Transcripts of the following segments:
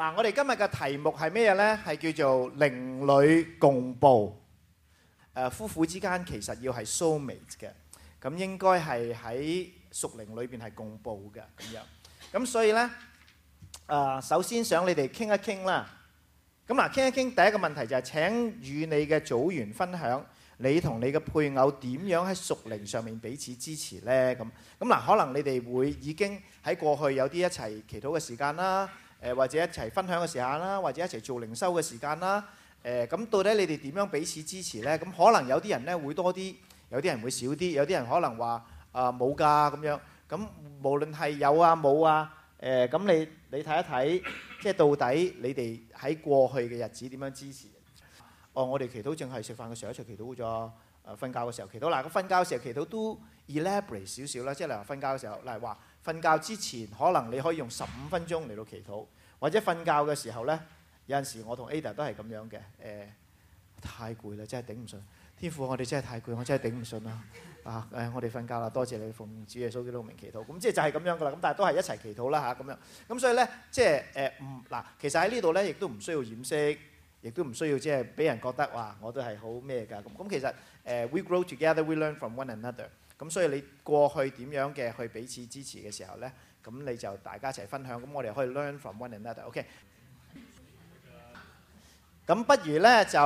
嗱，我哋今日嘅題目係咩嘢呢？係叫做靈裏共步。誒，夫婦之間其實要係 soulmate 嘅，咁應該係喺屬靈裏邊係共步嘅咁樣。咁所以呢，誒，首先想你哋傾一傾啦。咁嗱，傾一傾，第一個問題就係請與你嘅組員分享，你同你嘅配偶點樣喺屬靈上面彼此支持呢？咁咁嗱，可能你哋會已經喺過去有啲一齊祈禱嘅時間啦。誒或者一齊分享嘅時間啦，或者一齊做靈修嘅時間啦。誒咁到底你哋點樣彼此支持咧？咁可能有啲人咧會多啲，有啲人會少啲，有啲人可能話啊冇㗎咁樣。咁無論係有啊冇啊，誒咁你你睇一睇，即係到底你哋喺過去嘅日子點樣支持？哦，我哋祈禱淨係食飯嘅時候一齊祈禱嘅啫。誒瞓覺嘅時候祈禱。嗱，個瞓覺嘅時候祈禱都 elaborate 少少啦，即係例如瞓覺嘅時候，例如話。瞓覺之前可能你可以用十五分鐘嚟到祈禱，或者瞓覺嘅時候咧，有陣時我同 Ada 都係咁樣嘅。誒、欸，太攰啦，真係頂唔順。天父，我哋真係太攰，我真係頂唔順啦。啊誒、哎，我哋瞓覺啦，多謝你奉主耶穌基督名祈禱。咁即係就係咁樣噶啦。咁但係都係一齊祈禱啦嚇咁樣。咁所以咧，即係誒嗯嗱，其實喺呢度咧，亦都唔需要掩飾，亦都唔需要即係俾人覺得哇我都係好咩㗎。咁咁其實誒、呃、we grow together, we learn from one another。咁所以你過去點樣嘅去彼此支持嘅時候呢，咁你就大家一齊分享，咁我哋可以 learn from one another。OK，咁不如呢就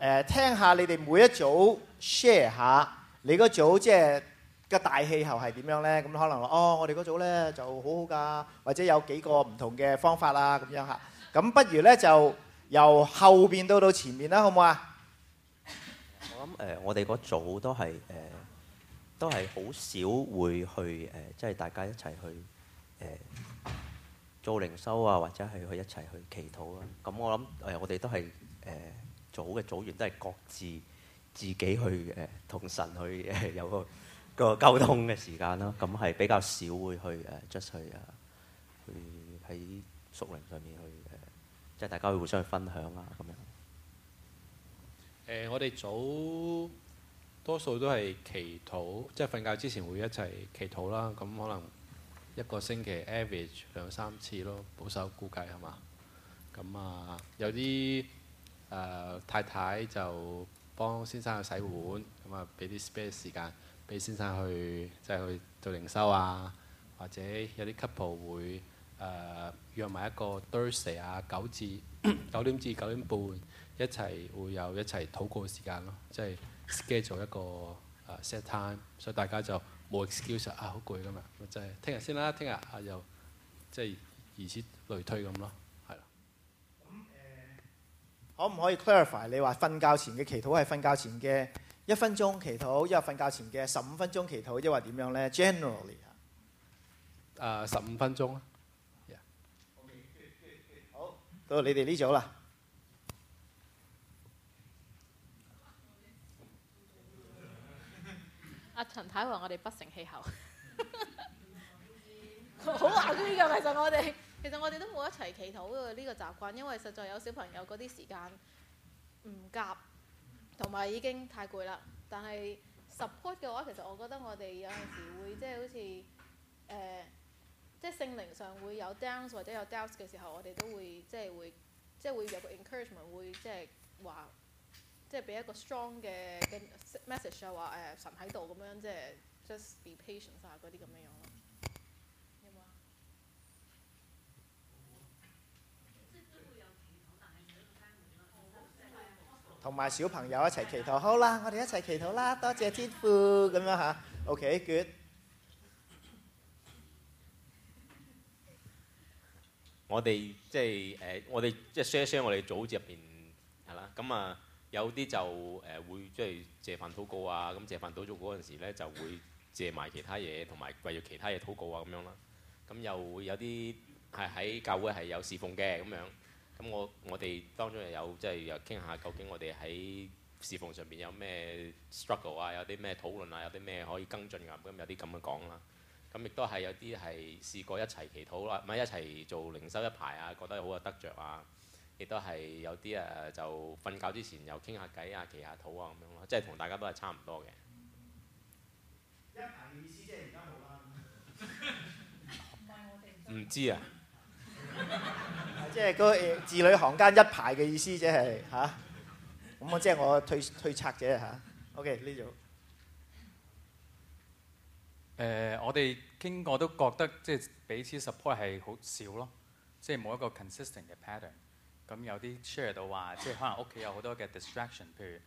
誒聽下你哋每一組 share 下你嗰組即係個大氣候係點樣呢？咁可能哦，我哋嗰組呢就好好㗎，或者有幾個唔同嘅方法啦咁樣嚇。咁不如呢就由後邊到到前面啦，好唔好啊？我諗誒，我哋嗰組都係誒。都係好少會去誒，即、呃、係大家一齊去誒、呃、做靈修啊，或者係去一齊去祈禱啊。咁我諗誒，我、呃、哋都係誒組嘅組員都係各自自己去誒同、呃、神去誒、呃、有個個溝通嘅時間囉。咁係比較少會去誒 just 去喺屬靈上面去誒，即、呃、係、就是、大家會互相去分享啊咁樣。誒、呃，我哋組。多數都係祈禱，即係瞓覺之前會一齊祈禱啦。咁可能一個星期 average 兩三次咯，保守估計係嘛？咁啊，有啲、呃、太太就幫先，先生去洗碗，咁啊俾啲 spare 時間俾先生去即係去做靈修啊。或者有啲 couple 會誒約埋一個 Thursday 啊九至 九點至九點半一齊會有一齊禱告嘅時間咯，即係。schedule 一個啊 set time，所以大家就冇 excuse 啊，好攰㗎嘛，就係聽日先啦，聽日啊又即係如此類推咁咯，係啦、嗯嗯嗯嗯嗯嗯。可唔可以 clarify 你話瞓覺前嘅祈禱係瞓覺前嘅一分鐘祈禱，抑或瞓覺前嘅十五分鐘祈禱，即係話點樣咧？Generally 嚇，誒十五分鐘啊。嗯、okay, good, good, good. 好，到你哋呢組啦。阿陳太話：我哋不成氣候， 嗯、 好難啲㗎。其實我哋，其實我哋都冇一齊祈禱嘅呢個習慣，因為實在有小朋友嗰啲時間唔夾，同埋已經太攰啦。但係 support 嘅話，其實我覺得我哋有陣時會即係、就是、好似誒，即係性靈上會有 doubt 或者有 doubt 嘅時候，我哋都會即係、就是、會即係、就是、會有個 encouragement 會即係話。就是即係俾一個 strong 嘅 message 啊，話誒神喺度咁樣，即係 just be patient 啊，嗰啲咁嘅樣咯。有冇啊？同埋小朋友一齊祈禱，好啦，我哋一齊祈禱啦，多謝天父咁樣嚇，OK good。我哋即係誒，我哋即係 share share 我哋組織入邊係啦，咁啊～有啲就誒會即係借飯禱告啊，咁借飯到做嗰陣時呢就會借埋其他嘢，同埋為咗其他嘢禱告啊咁樣啦。咁又會有啲係喺教會係有侍奉嘅咁樣。咁我我哋當中又有即係又傾下究竟我哋喺侍奉上面有咩 struggle 啊，有啲咩討論啊，有啲咩可以跟進啊，咁有啲咁嘅講啦。咁亦都係有啲係試過一齊祈禱唔係一齊做靈修一排啊，覺得好啊得着啊。亦都係有啲啊，就瞓覺之前又傾下偈啊，騎下土啊咁樣咯，即係同大家都係差唔多嘅、啊。唔、 嗯、 知啊？即係嗰字裏行間一排嘅意思、就是，即係吓，咁我即係我推推測啫吓 OK，呢組。誒、 呃，我哋傾過都覺得即係彼此 support 係好少咯，即係冇一個 consistent 嘅 pattern。咁有啲 share 到話，即係可能屋企有好多嘅 distraction，譬如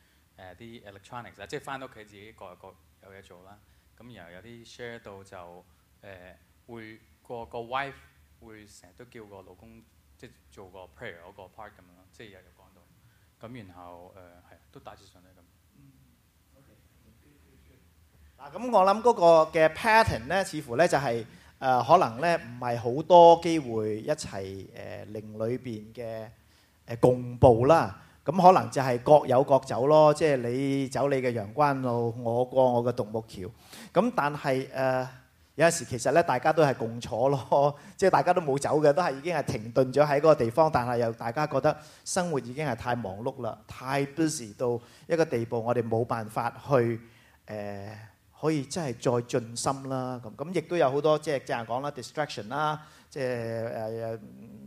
誒啲 electronics，即係返屋企自己各個有嘢做啦。咁然後有啲 share 到就誒會個個 wife 會成日都叫個老公即係做個 prayer 嗰個 part 咁樣咯，即係日日講到。咁然後誒係都大致上係咁。嗱咁我諗嗰個嘅 pattern 咧，似乎咧就係誒可能咧唔係好多機會一齊誒令裏邊嘅。共步啦，咁可能就係各有各走咯，即係你走你嘅陽關路，我過我嘅獨木橋。咁但係誒，有陣時其實咧，大家都係共坐咯，即係大家都冇走嘅，都係已經係停頓咗喺嗰個地方。但係又大家覺得生活已經係太忙碌啦，太 busy 到一個地步，我哋冇辦法去誒，可以真係再進深啦。咁咁亦都有好多即係即係講啦，distraction 啦。即係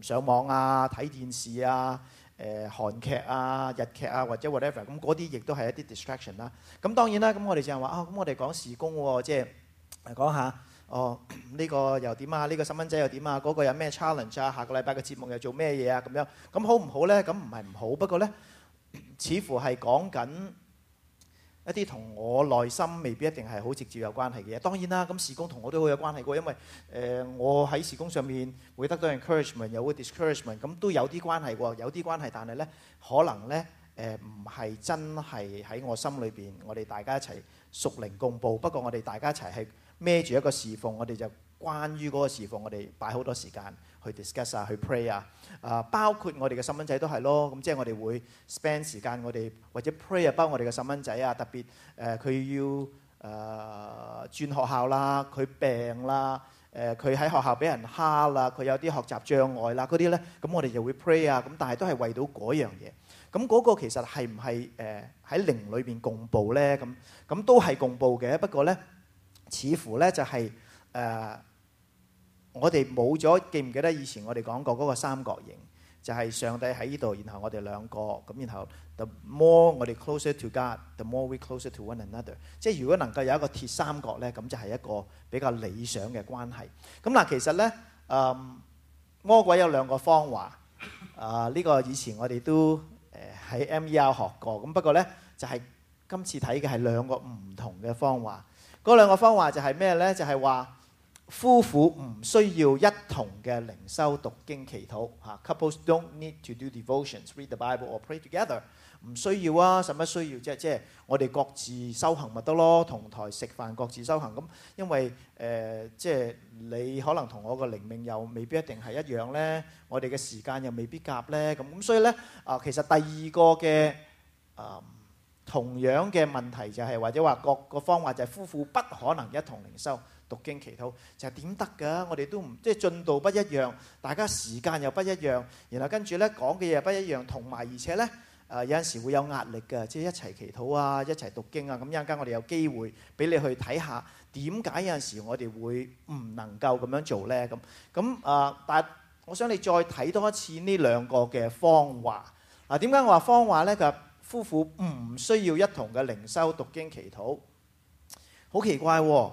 誒上網啊、睇電視啊、誒韓劇啊、日劇啊，或者 whatever，咁嗰啲亦都係一啲 distraction 啦。咁當然啦，咁我哋就話、哦、啊，咁我哋講事工喎，即係嚟講下哦，呢、這個又點啊？呢、這個細蚊仔又點啊？嗰、那個有咩 challenge 啊？下個禮拜嘅節目又做咩嘢啊？咁樣咁好唔好咧？咁唔係唔好，不過咧似乎係講緊。一啲同我內心未必一定係好直接有關係嘅嘢，當然啦，咁時工同我都好有關係喎，因為誒、呃、我喺時工上面會得到 encouragement，又會 discouragement，咁都有啲關係喎，有啲關係，但係呢，可能呢，誒唔係真係喺我心裏邊，我哋大家一齊熟靈共報。不過我哋大家一齊係孭住一個侍奉，我哋就關於嗰個侍奉，我哋擺好多時間。去 discuss 啊，去 pray 啊，啊包括我哋嘅細蚊仔都係咯，咁即係我哋會 spend 時間，我哋或者 pray 啊，包我哋嘅細蚊仔啊，特別誒佢要誒轉學校啦，佢病啦，誒佢喺學校俾人蝦啦，佢有啲學習障礙啦，嗰啲咧，咁我哋就會 pray 啊，咁但係都係為到嗰樣嘢，咁嗰個其實係唔係誒喺靈裏邊共步咧？咁咁都係共步嘅，不過咧似乎咧就係誒。我哋冇咗記唔記得以前我哋講過嗰個三角形，就係上帝喺呢度，然後我哋兩個咁，然後 the more 我哋 closer to God，the more we closer to one another。即係如果能夠有一個鐵三角呢，咁就係一個比較理想嘅關係。咁嗱，其實呢，嗯，魔鬼有兩個方法。啊，呢個以前我哋都誒喺 MER 學過。咁不過呢，就係今次睇嘅係兩個唔同嘅方法。嗰兩個方法就係咩呢？就係話。夫婦唔需要一同嘅靈修、讀經、祈禱嚇。Couples don't need to do devotions, read the Bible or pray together。唔需要啊，使乜需要啫？即係我哋各自修行咪得咯？同台食飯，各自修行。咁因為誒，即係你可能同我個靈命又未必一定係一樣咧，我哋嘅時間又未必夾咧。咁咁所以咧啊，其實第二個嘅誒同樣嘅問題就係或者話各個方法就係夫婦不可能一同靈修。讀經祈禱就係點得噶？我哋都唔即係進度不一樣，大家時間又不一樣，然後跟住咧講嘅嘢又不一樣，同埋而且咧誒有陣時會有壓力嘅，即係一齊祈禱啊，一齊讀經啊。咁一陣間我哋有機會俾你去睇下點解有陣時我哋會唔能夠咁樣做咧？咁咁誒，但係我想你再睇多一次呢兩個嘅方話。嗱，點解我話方話咧？佢話夫婦唔需要一同嘅靈修讀經祈禱，好奇怪喎！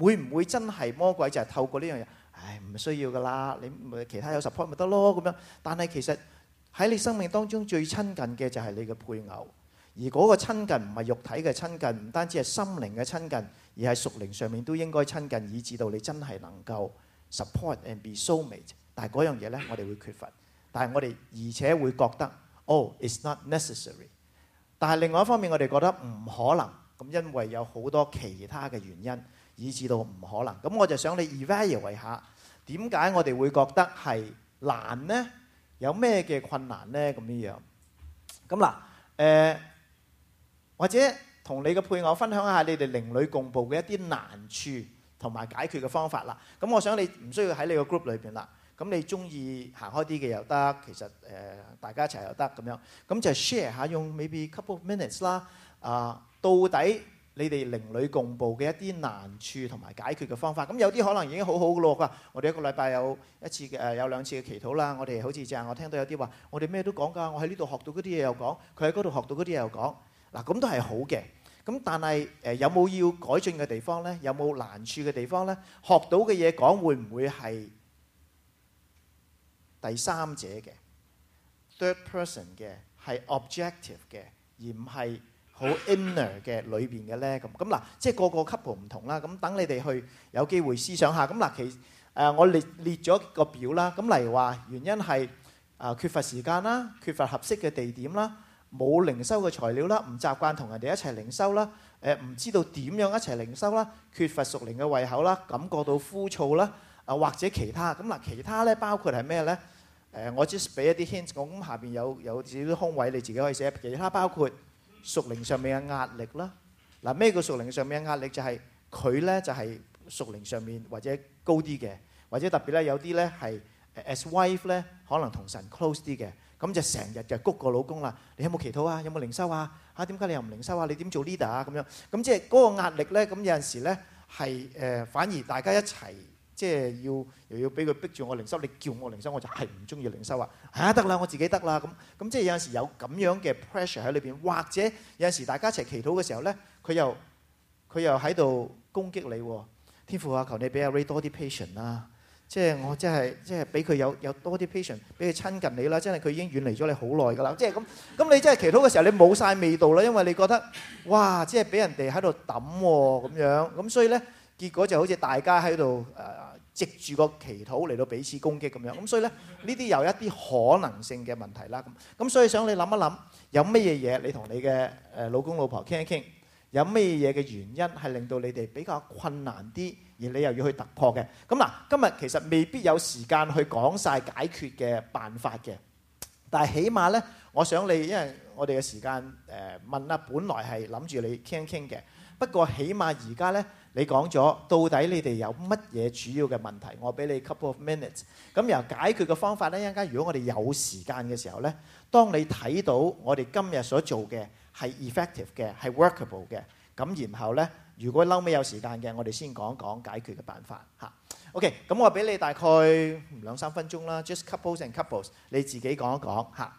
會唔會真係魔鬼就係透過呢樣嘢？唉，唔需要㗎喇，你其他有 support 咪得咯咁樣。但係其實喺你生命當中最親近嘅就係你嘅配偶，而嗰個親近唔係肉體嘅親近，唔單止係心靈嘅親近，而係屬靈上面都應該親近，以至到你真係能夠 support and be soulmate。但係嗰樣嘢呢，我哋會缺乏，但係我哋而且會覺得 oh it's not necessary。但係另外一方面，我哋覺得唔可能咁，因為有好多其他嘅原因。以至到唔可能，咁我就想你 evaluate 一下，點解我哋會覺得係難呢？有咩嘅困難呢？咁樣，咁嗱，誒、呃、或者同你嘅配偶分享下你哋靈裡共步嘅一啲難處同埋解決嘅方法啦。咁我想你唔需要喺你個 group 裡邊啦。咁你中意行開啲嘅又得，其實誒、呃、大家一齊又得咁樣。咁就 share 下用 maybe couple of minutes 啦。啊、呃，到底？你哋靈裡共步嘅一啲難處同埋解決嘅方法，咁有啲可能已經好好噶啦。我哋一個禮拜有一次嘅有兩次嘅祈禱啦。我哋好似正係，我聽到有啲話，我哋咩都講噶。我喺呢度學到嗰啲嘢又講，佢喺嗰度學到嗰啲嘢又講。嗱咁都係好嘅。咁但係誒有冇要改進嘅地方呢？有冇難處嘅地方呢？學到嘅嘢講會唔會係第三者嘅？Third person 嘅係 objective 嘅，而唔係。好 inner 嘅裏邊嘅咧，咁咁嗱，即係個個 couple 唔同啦。咁等你哋去有機會思想下。咁嗱，其誒我列列咗個表啦。咁例如話原因係啊缺乏時間啦，缺乏合適嘅地點啦，冇靈修嘅材料啦，唔習慣同人哋一齊靈修啦，誒唔知道點樣一齊靈修啦，缺乏熟靈嘅胃口啦，感覺到枯燥啦，啊或者其他。咁嗱，其他咧包括係咩咧？誒，我 just 俾一啲 hint。咁下邊有有少少空位，你自己可以寫。其他包括。屬靈上面嘅壓力啦，嗱，咩叫屬靈上面嘅壓力，就係佢咧，就係屬靈上面或者高啲嘅，或者特別咧有啲咧係 as wife 咧可能同神 close 啲嘅，咁就成日就谷個老公啦。你有冇祈禱啊？有冇靈修啊？嚇，點解你又唔靈修啊？你點做 leader 啊？咁樣咁，即係嗰個壓力咧，咁有陣時咧係誒反而大家一齊。即係要，又要俾佢逼住我靈修，你叫我靈修，我就係唔中意靈修啊！嚇得啦，我自己得啦咁咁，即係有陣時有咁樣嘅 pressure 喺裏邊，或者有陣時大家一齊祈禱嘅時候咧，佢又佢又喺度攻擊你，天父啊，求你俾阿 Ray 多啲 patience 啦！即係我即係即係俾佢有有多啲 patience，俾佢親近你啦！即係佢已經遠離咗你好耐㗎啦！即係咁咁，你即係祈禱嘅時候，你冇曬味道啦，因為你覺得哇，即係俾人哋喺度抌咁樣，咁所以咧，結果就好似大家喺度誒。藉住個祈禱嚟到彼此攻擊咁樣，咁所以咧呢啲有一啲可能性嘅問題啦。咁咁所以想你諗一諗，有乜嘢嘢你同你嘅誒老公老婆傾一傾，有咩嘢嘅原因係令到你哋比較困難啲，而你又要去突破嘅。咁嗱，今日其實未必有時間去講晒解決嘅辦法嘅，但係起碼咧，我想你因為我哋嘅時間誒問啦，本來係諗住你傾一傾嘅，不過起碼而家咧。你講咗，到底你哋有乜嘢主要嘅問題？我俾你 couple of minutes。咁然後解決嘅方法呢？一陣間如果我哋有時間嘅時候呢，當你睇到我哋今日所做嘅係 effective 嘅，係 workable 嘅，咁然後呢，如果嬲尾有時間嘅，我哋先講一講解決嘅辦法嚇。OK，咁我俾你大概兩三分鐘啦，just couples and couples，你自己講一講嚇。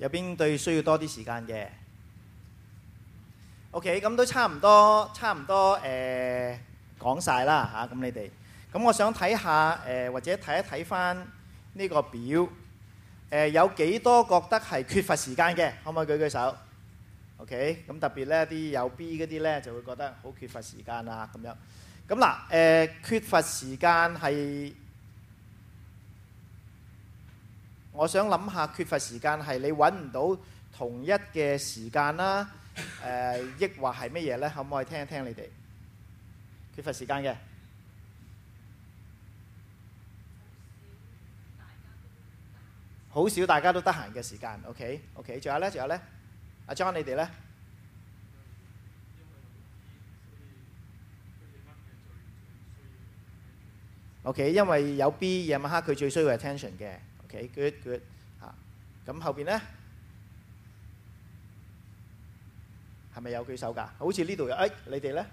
有邊對需要多啲時間嘅，OK，咁都差唔多，差唔多誒、呃、講晒啦嚇，咁、啊、你哋，咁我想睇下誒、呃，或者睇一睇翻呢個表，誒、呃、有幾多覺得係缺乏時間嘅，可唔可以舉舉手？OK，咁特別咧啲有 B 嗰啲咧就會覺得好缺乏時間啊咁樣，咁嗱誒缺乏時間係。我想諗下缺乏時間係你揾唔到同一嘅時間啦，誒，抑或係乜嘢咧？可唔可以聽一聽你哋缺乏時間嘅？好少大家都得閒嘅時間，OK，OK，仲有咧，仲有咧，阿 John 你哋咧，OK，因為有 B 夜晚黑佢最需要 attention 嘅。OK，good，good，嚇，咁後邊呢係咪有舉手㗎？好似呢度有，誒，你哋呢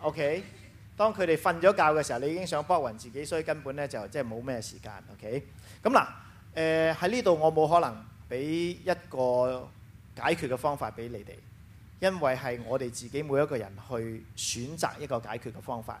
？OK，當佢哋瞓咗覺嘅時候，你已經想卜暈自己，所以根本呢就即係冇咩時間。OK，咁嗱，誒喺呢度我冇可能俾一個解決嘅方法俾你哋，因為係我哋自己每一個人去選擇一個解決嘅方法。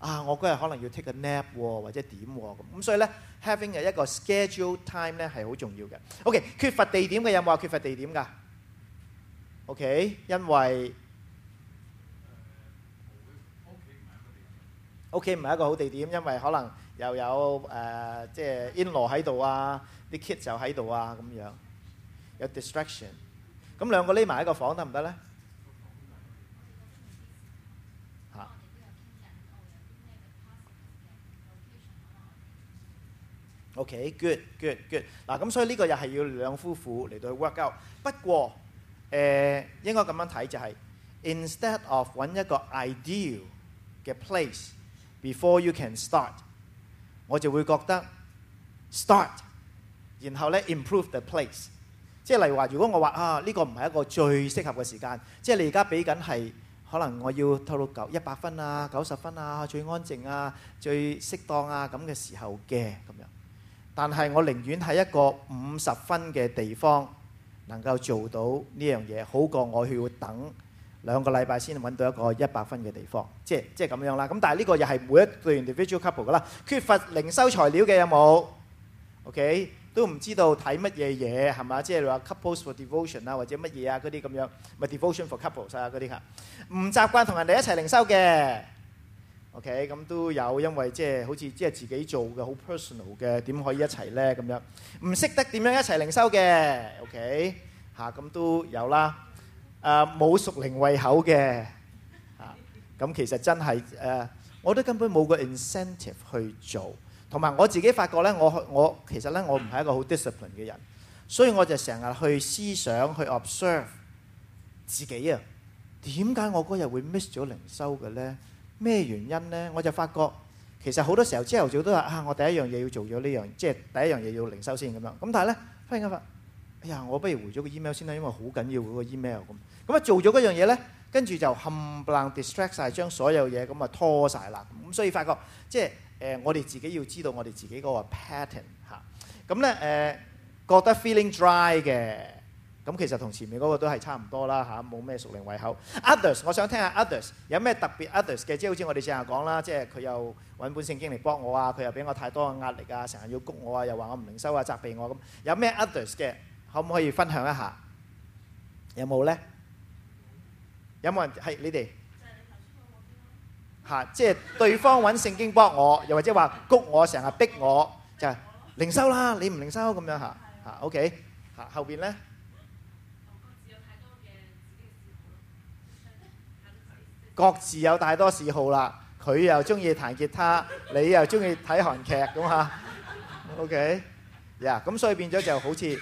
啊！我嗰日可能要 take a nap 喎，或者點喎咁咁，所以咧 having 嘅一個 schedule time 咧係好重要嘅。OK，缺乏地點嘅有冇啊？缺乏地點噶？OK，因為屋企唔係一個好地點，因為可能又有誒即係 in-law 喺度啊，啲 kids 就喺度啊咁樣，有 distraction。咁兩個匿埋喺個房得唔得咧？OK，good，good，good。嗱，咁所以呢個又係要兩夫婦嚟到去 work out。不過，誒應該咁樣睇就係，instead of 揾一個 ideal 嘅 place，before you can start，我就會覺得 start，然後咧 improve the place。即係例如話，如果我話啊呢個唔係一個最適合嘅時間，即係你而家俾緊係可能我要透到九一百分啊、九十分啊、最安靜啊、最適當啊咁嘅時候嘅咁樣。但係我寧願喺一個五十分嘅地方能夠做到呢樣嘢，好過我要等兩個禮拜先揾到一個一百分嘅地方，即係即係咁樣啦。咁但係呢個又係每一對 individual couple 嘅啦，缺乏靈修材料嘅有冇？OK，都唔知道睇乜嘢嘢係嘛？即係話 couples for devotion 啊，或者乜嘢啊嗰啲咁樣，咪 devotion for couples 啊嗰啲嚇，唔習慣同人哋一齊靈修嘅。OK，咁都有，因為即係好似即係自己做嘅好 personal 嘅，點可以一齊呢？咁樣唔識得點樣一齊靈修嘅，OK，吓，咁都有啦。誒，冇屬靈胃口嘅吓，咁其實真係誒，我都根本冇個 incentive 去做，同埋我自己發覺呢，我我其實呢，我唔係一個好 discipline 嘅人，所以我就成日去思想去 observe 自己啊，點解我嗰日會 miss 咗靈修嘅呢？咩原因呢？我就發覺其實好多時候朝頭早都話啊，我第一樣嘢要做咗呢樣，即係第一樣嘢要零售先咁樣。咁但係呢，忽然間話哎呀，我不如回咗個 email 先啦，因為好緊要嗰、那個 email 咁。咁、嗯、啊做咗嗰樣嘢呢，跟住就冚唪唥 distract 晒，將所有嘢咁啊拖晒啦。咁所以發覺即係、呃、我哋自己要知道我哋自己嗰個 pattern 嚇、啊。咁咧誒，覺得 feeling dry 嘅。咁其實同前面嗰個都係差唔多啦嚇，冇咩熟靈胃口。Others，我想聽下 Others 有咩特別，Others 嘅，即係好似我哋成日講啦，即係佢又揾本聖經嚟幫我啊，佢又俾我太多嘅壓力啊，成日要谷我啊，又話我唔靈修啊，責備我咁。有咩 Others 嘅，可唔可以分享一下？有冇咧？有冇人係你哋嚇？即係對方揾聖經幫我，又或者話谷我成日逼我，就靈修啦，你唔靈修咁樣嚇嚇。OK 嚇，後邊咧？各自有太多嗜好啦，佢又中意彈吉他，你又中意睇韓劇咁吓。OK，呀，咁所以變咗就好似誒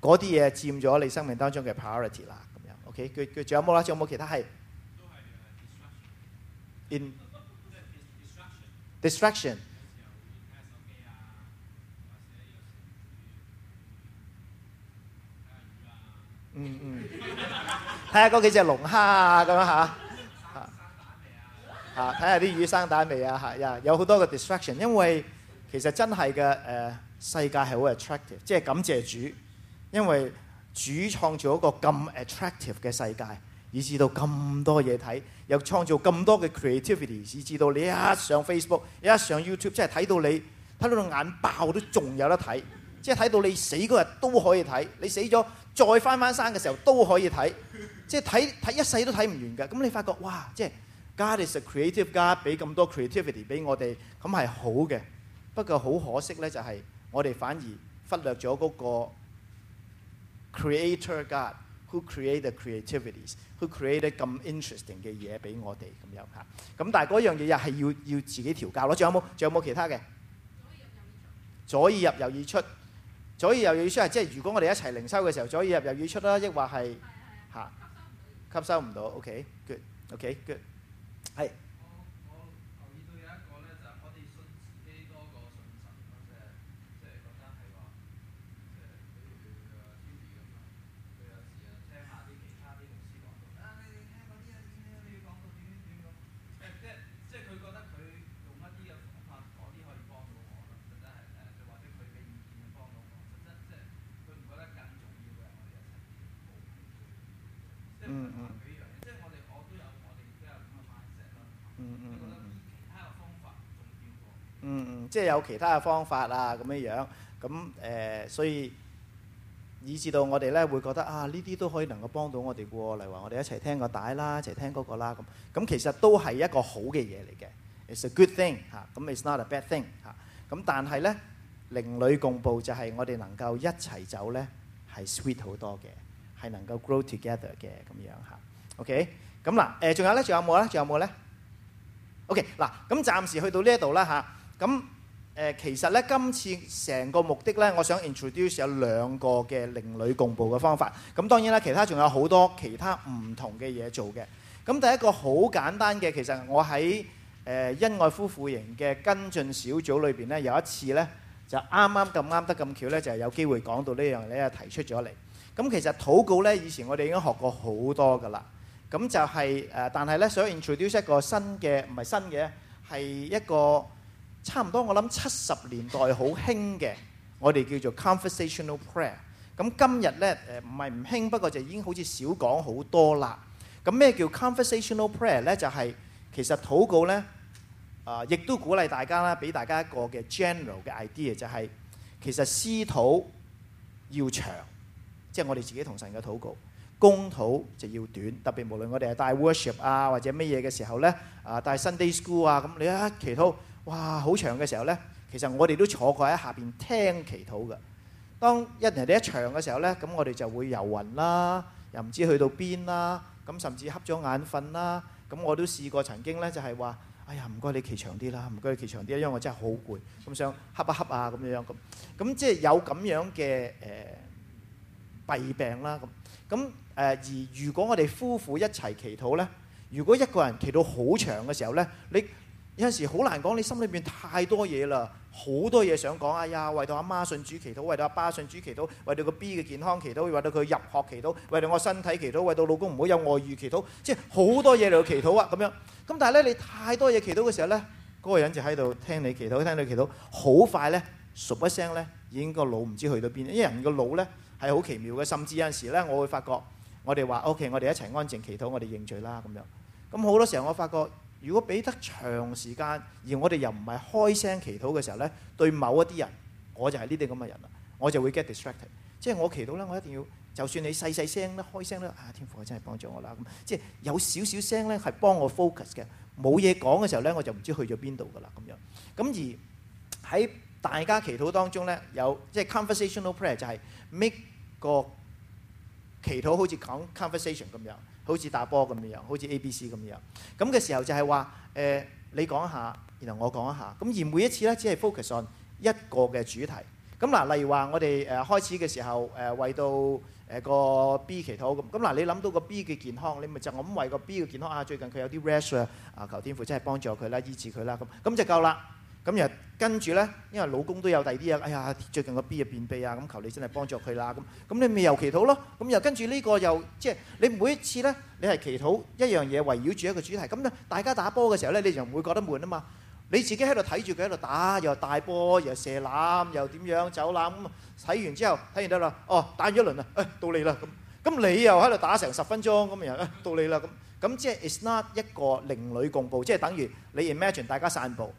嗰啲嘢佔咗你生命當中嘅 priority 啦。咁樣 OK，佢佢仲有冇啊？仲有冇其他係？In distraction。嗯嗯，睇下嗰幾隻龍蝦啊咁樣吓，吓睇下啲魚生蛋未啊吓？又、yeah, 有好多嘅 distraction，因為其實真係嘅誒世界係好 attractive，即係感謝主，因為主創造一個咁 attractive 嘅世界，以至到咁多嘢睇，又創造咁多嘅 creativity，以至到你一上 Facebook，一上 YouTube，即係睇到你睇到個眼爆都仲有得睇，即係睇到你死嗰日都可以睇，你死咗。再翻翻山嘅時候都可以睇，即係睇睇一世都睇唔完嘅。咁你發覺哇，即係 God is a creative God，俾咁多 creativity 俾我哋，咁係好嘅。不過好可惜咧，就係我哋反而忽略咗嗰個 creator God who created creativities，who created 咁 interesting 嘅嘢俾我哋咁樣嚇。咁但係嗰樣嘢又係要要自己調教咯。仲有冇？仲有冇其他嘅？左耳入右耳出。左耳又要出，即係如果我哋一齊零收嘅時候，左耳入右耳出啦，抑或係、啊啊、吸收唔到？OK，good，OK，good，係。即係有其他嘅方法啊，咁樣樣咁誒，所以以至到我哋咧會覺得啊，呢啲都可以能夠幫到我哋喎。例如話，我哋一齊聽個帶啦，一齊聽嗰個啦，咁咁其實都係一個好嘅嘢嚟嘅。It's a good thing 嚇，咁 it's not a bad thing 嚇。咁但係咧，另類共步就係我哋能夠一齊走咧，係 sweet 好多嘅，係能夠 grow together 嘅咁樣嚇。OK，咁嗱誒，仲有咧，仲有冇咧？仲有冇咧？OK，嗱，咁暫時去到呢一度啦嚇，咁。誒其實咧，今次成個目的咧，我想 introduce 有兩個嘅令女共步嘅方法。咁當然啦，其他仲有好多其他唔同嘅嘢做嘅。咁第一個好簡單嘅，其實我喺誒恩愛夫婦營嘅跟進小組裏邊咧，有一次咧就啱啱咁啱得咁巧咧，就係有機會講到呢樣嘢，提出咗嚟。咁其實禱告咧，以前我哋已經學過好多㗎喇。咁就係誒，但係咧想 introduce 一個新嘅，唔係新嘅，係一個。差唔多，我諗七十年代好興嘅，我哋叫做 conversational prayer。咁今日咧，誒唔係唔興，不過就已經好似少講好多啦。咁咩叫 conversational prayer 咧？就係其實禱告咧，啊，亦都鼓勵大家啦，俾大家一個嘅 general 嘅 idea，就係其實私禱要長，即係我哋自己同神嘅禱告；公禱就要短，特別無論我哋係帶 worship 啊或者乜嘢嘅時候咧，啊帶 Sunday school 啊，咁你一祈禱。哇！好長嘅時候呢，其實我哋都坐過喺下邊聽祈禱嘅。當一陣啲一長嘅時候呢，咁我哋就會遊魂啦，又唔知去到邊啦。咁甚至瞌咗眼瞓啦。咁我都試過曾經呢，就係話：哎呀，唔該你祈長啲啦，唔該你祈長啲啦，因為我真係好攰，咁想瞌一瞌啊咁樣咁。咁即係有咁樣嘅誒、呃、弊病啦。咁咁、呃、而如果我哋夫婦一齊祈禱呢，如果一個人祈到好長嘅時候呢。你。有陣時好難講，你心裏邊太多嘢啦，好多嘢想講。哎呀，為到阿媽信主祈禱，為到阿爸信主祈禱，為到個 B 嘅健康祈禱，為到佢入學祈禱，為到我身體祈禱，為到老公唔好有外遇祈禱，即係好多嘢嚟到祈禱啊！咁樣，咁但係咧，你太多嘢祈禱嘅時候咧，嗰個人就喺度聽你祈禱，聽你祈禱，好快咧，熟一聲咧，已經個腦唔知去到邊。因為人個腦咧係好奇妙嘅，甚至有陣時咧，我會發覺我哋話：OK，我哋一齊安靜祈禱，我哋認罪啦。咁樣，咁好多時候我發覺。如果俾得長時間，而我哋又唔係開聲祈禱嘅時候咧，對某一啲人，我就係呢啲咁嘅人啦，我就會 get distracted，即係我祈禱咧，我一定要，就算你細細聲咧、開聲咧，啊，天父真係幫咗我啦咁，即係有少少聲咧係幫我 focus 嘅，冇嘢講嘅時候咧，我就唔知去咗邊度噶啦咁樣。咁而喺大家祈禱當中咧，有即係 conversational prayer 就係 make 個祈禱好似講 conversation 咁樣。好似打波咁樣樣，好似 A、B、C 咁樣樣。咁嘅時候就係話，誒、呃，你講一下，然後我講一下。咁而每一次咧，只係 focus on 一個嘅主題。咁嗱，例如話我哋誒、呃、開始嘅時候誒、呃、為到誒、呃、個 B 祈禱咁。咁嗱、呃，你諗到個 B 嘅健康，你咪就咁為個 B 嘅健康。啊，最近佢有啲 pressure 啊，求天父真係幫助佢啦，醫治佢啦。咁咁就夠啦。咁又跟住咧，因為老公都有第二啲嘢，哎呀，最近個 B 啊便秘啊，咁求你真係幫助佢啦，咁咁你咪又祈禱咯。咁又跟住呢個又即係你每一次咧，你係祈禱一樣嘢圍繞住一個主題。咁咧，大家打波嘅時候咧，你就唔會覺得悶啊嘛。你自己喺度睇住佢喺度打，又大波，又射籃，又點樣走籃咁。睇完之後，睇完得啦，哦，打完一輪啦，誒，到你啦咁。咁你又喺度打成十分鐘，咁又誒，到你啦咁。咁即係 It's not 一個另類共步，即係等於你 imagine 大家散步。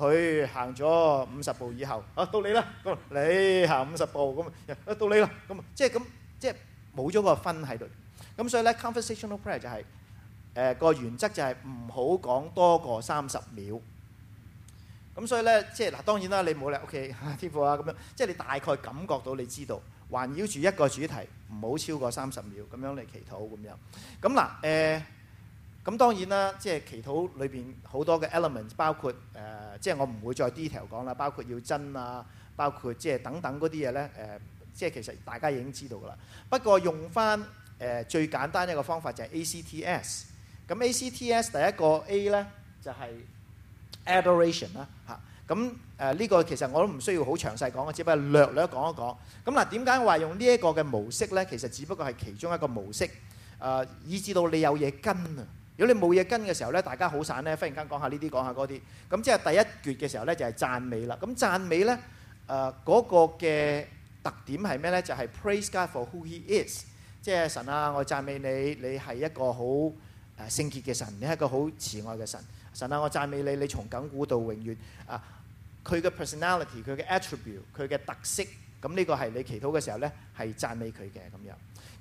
佢行咗五十步以後，啊到你啦！咁你行五十步咁啊，到你啦！咁即係咁，即係冇咗個分喺度。咁所以咧，Conversational Prayer 就係誒個原則就係唔好講多過三十秒。咁所以咧，即係嗱，當然啦，你冇咧，O.K. 天父啊，咁樣即係你大概感覺到你知道，環繞住一個主題，唔好超過三十秒，咁樣嚟祈禱咁樣。咁嗱誒。咁當然啦，即係祈禱裏邊好多嘅 element，包括誒，即係我唔會再 detail 講啦。包括要真啊，包括即係等等嗰啲嘢咧。誒，即係其實大家已經知道噶啦。不過用翻誒最簡單一個方法就係 A C T S。咁 A C T S 第一個 A 咧就係 adoration 啦嚇。咁誒呢個其實我都唔需要好詳細講嘅，只不過略略講一講。咁嗱，點解話用呢一個嘅模式咧？其實只不過係其中一個模式。誒，以至到你有嘢跟啊。如果你冇嘢跟嘅時候咧，大家好散咧，忽然間講下呢啲，講下嗰啲咁，即係第一橛嘅時候咧、呃那個，就係讚美啦。咁讚美咧，誒嗰個嘅特點係咩咧？就係 praise God for who He is，即係神啊！我讚美你，你係一個好誒聖潔嘅神，你係一個好慈愛嘅神。神啊，我讚美你，你從亙古到永遠啊，佢嘅 personality，佢嘅 attribute，佢嘅特色，咁、這、呢個係你祈禱嘅時候咧，係讚美佢嘅咁樣。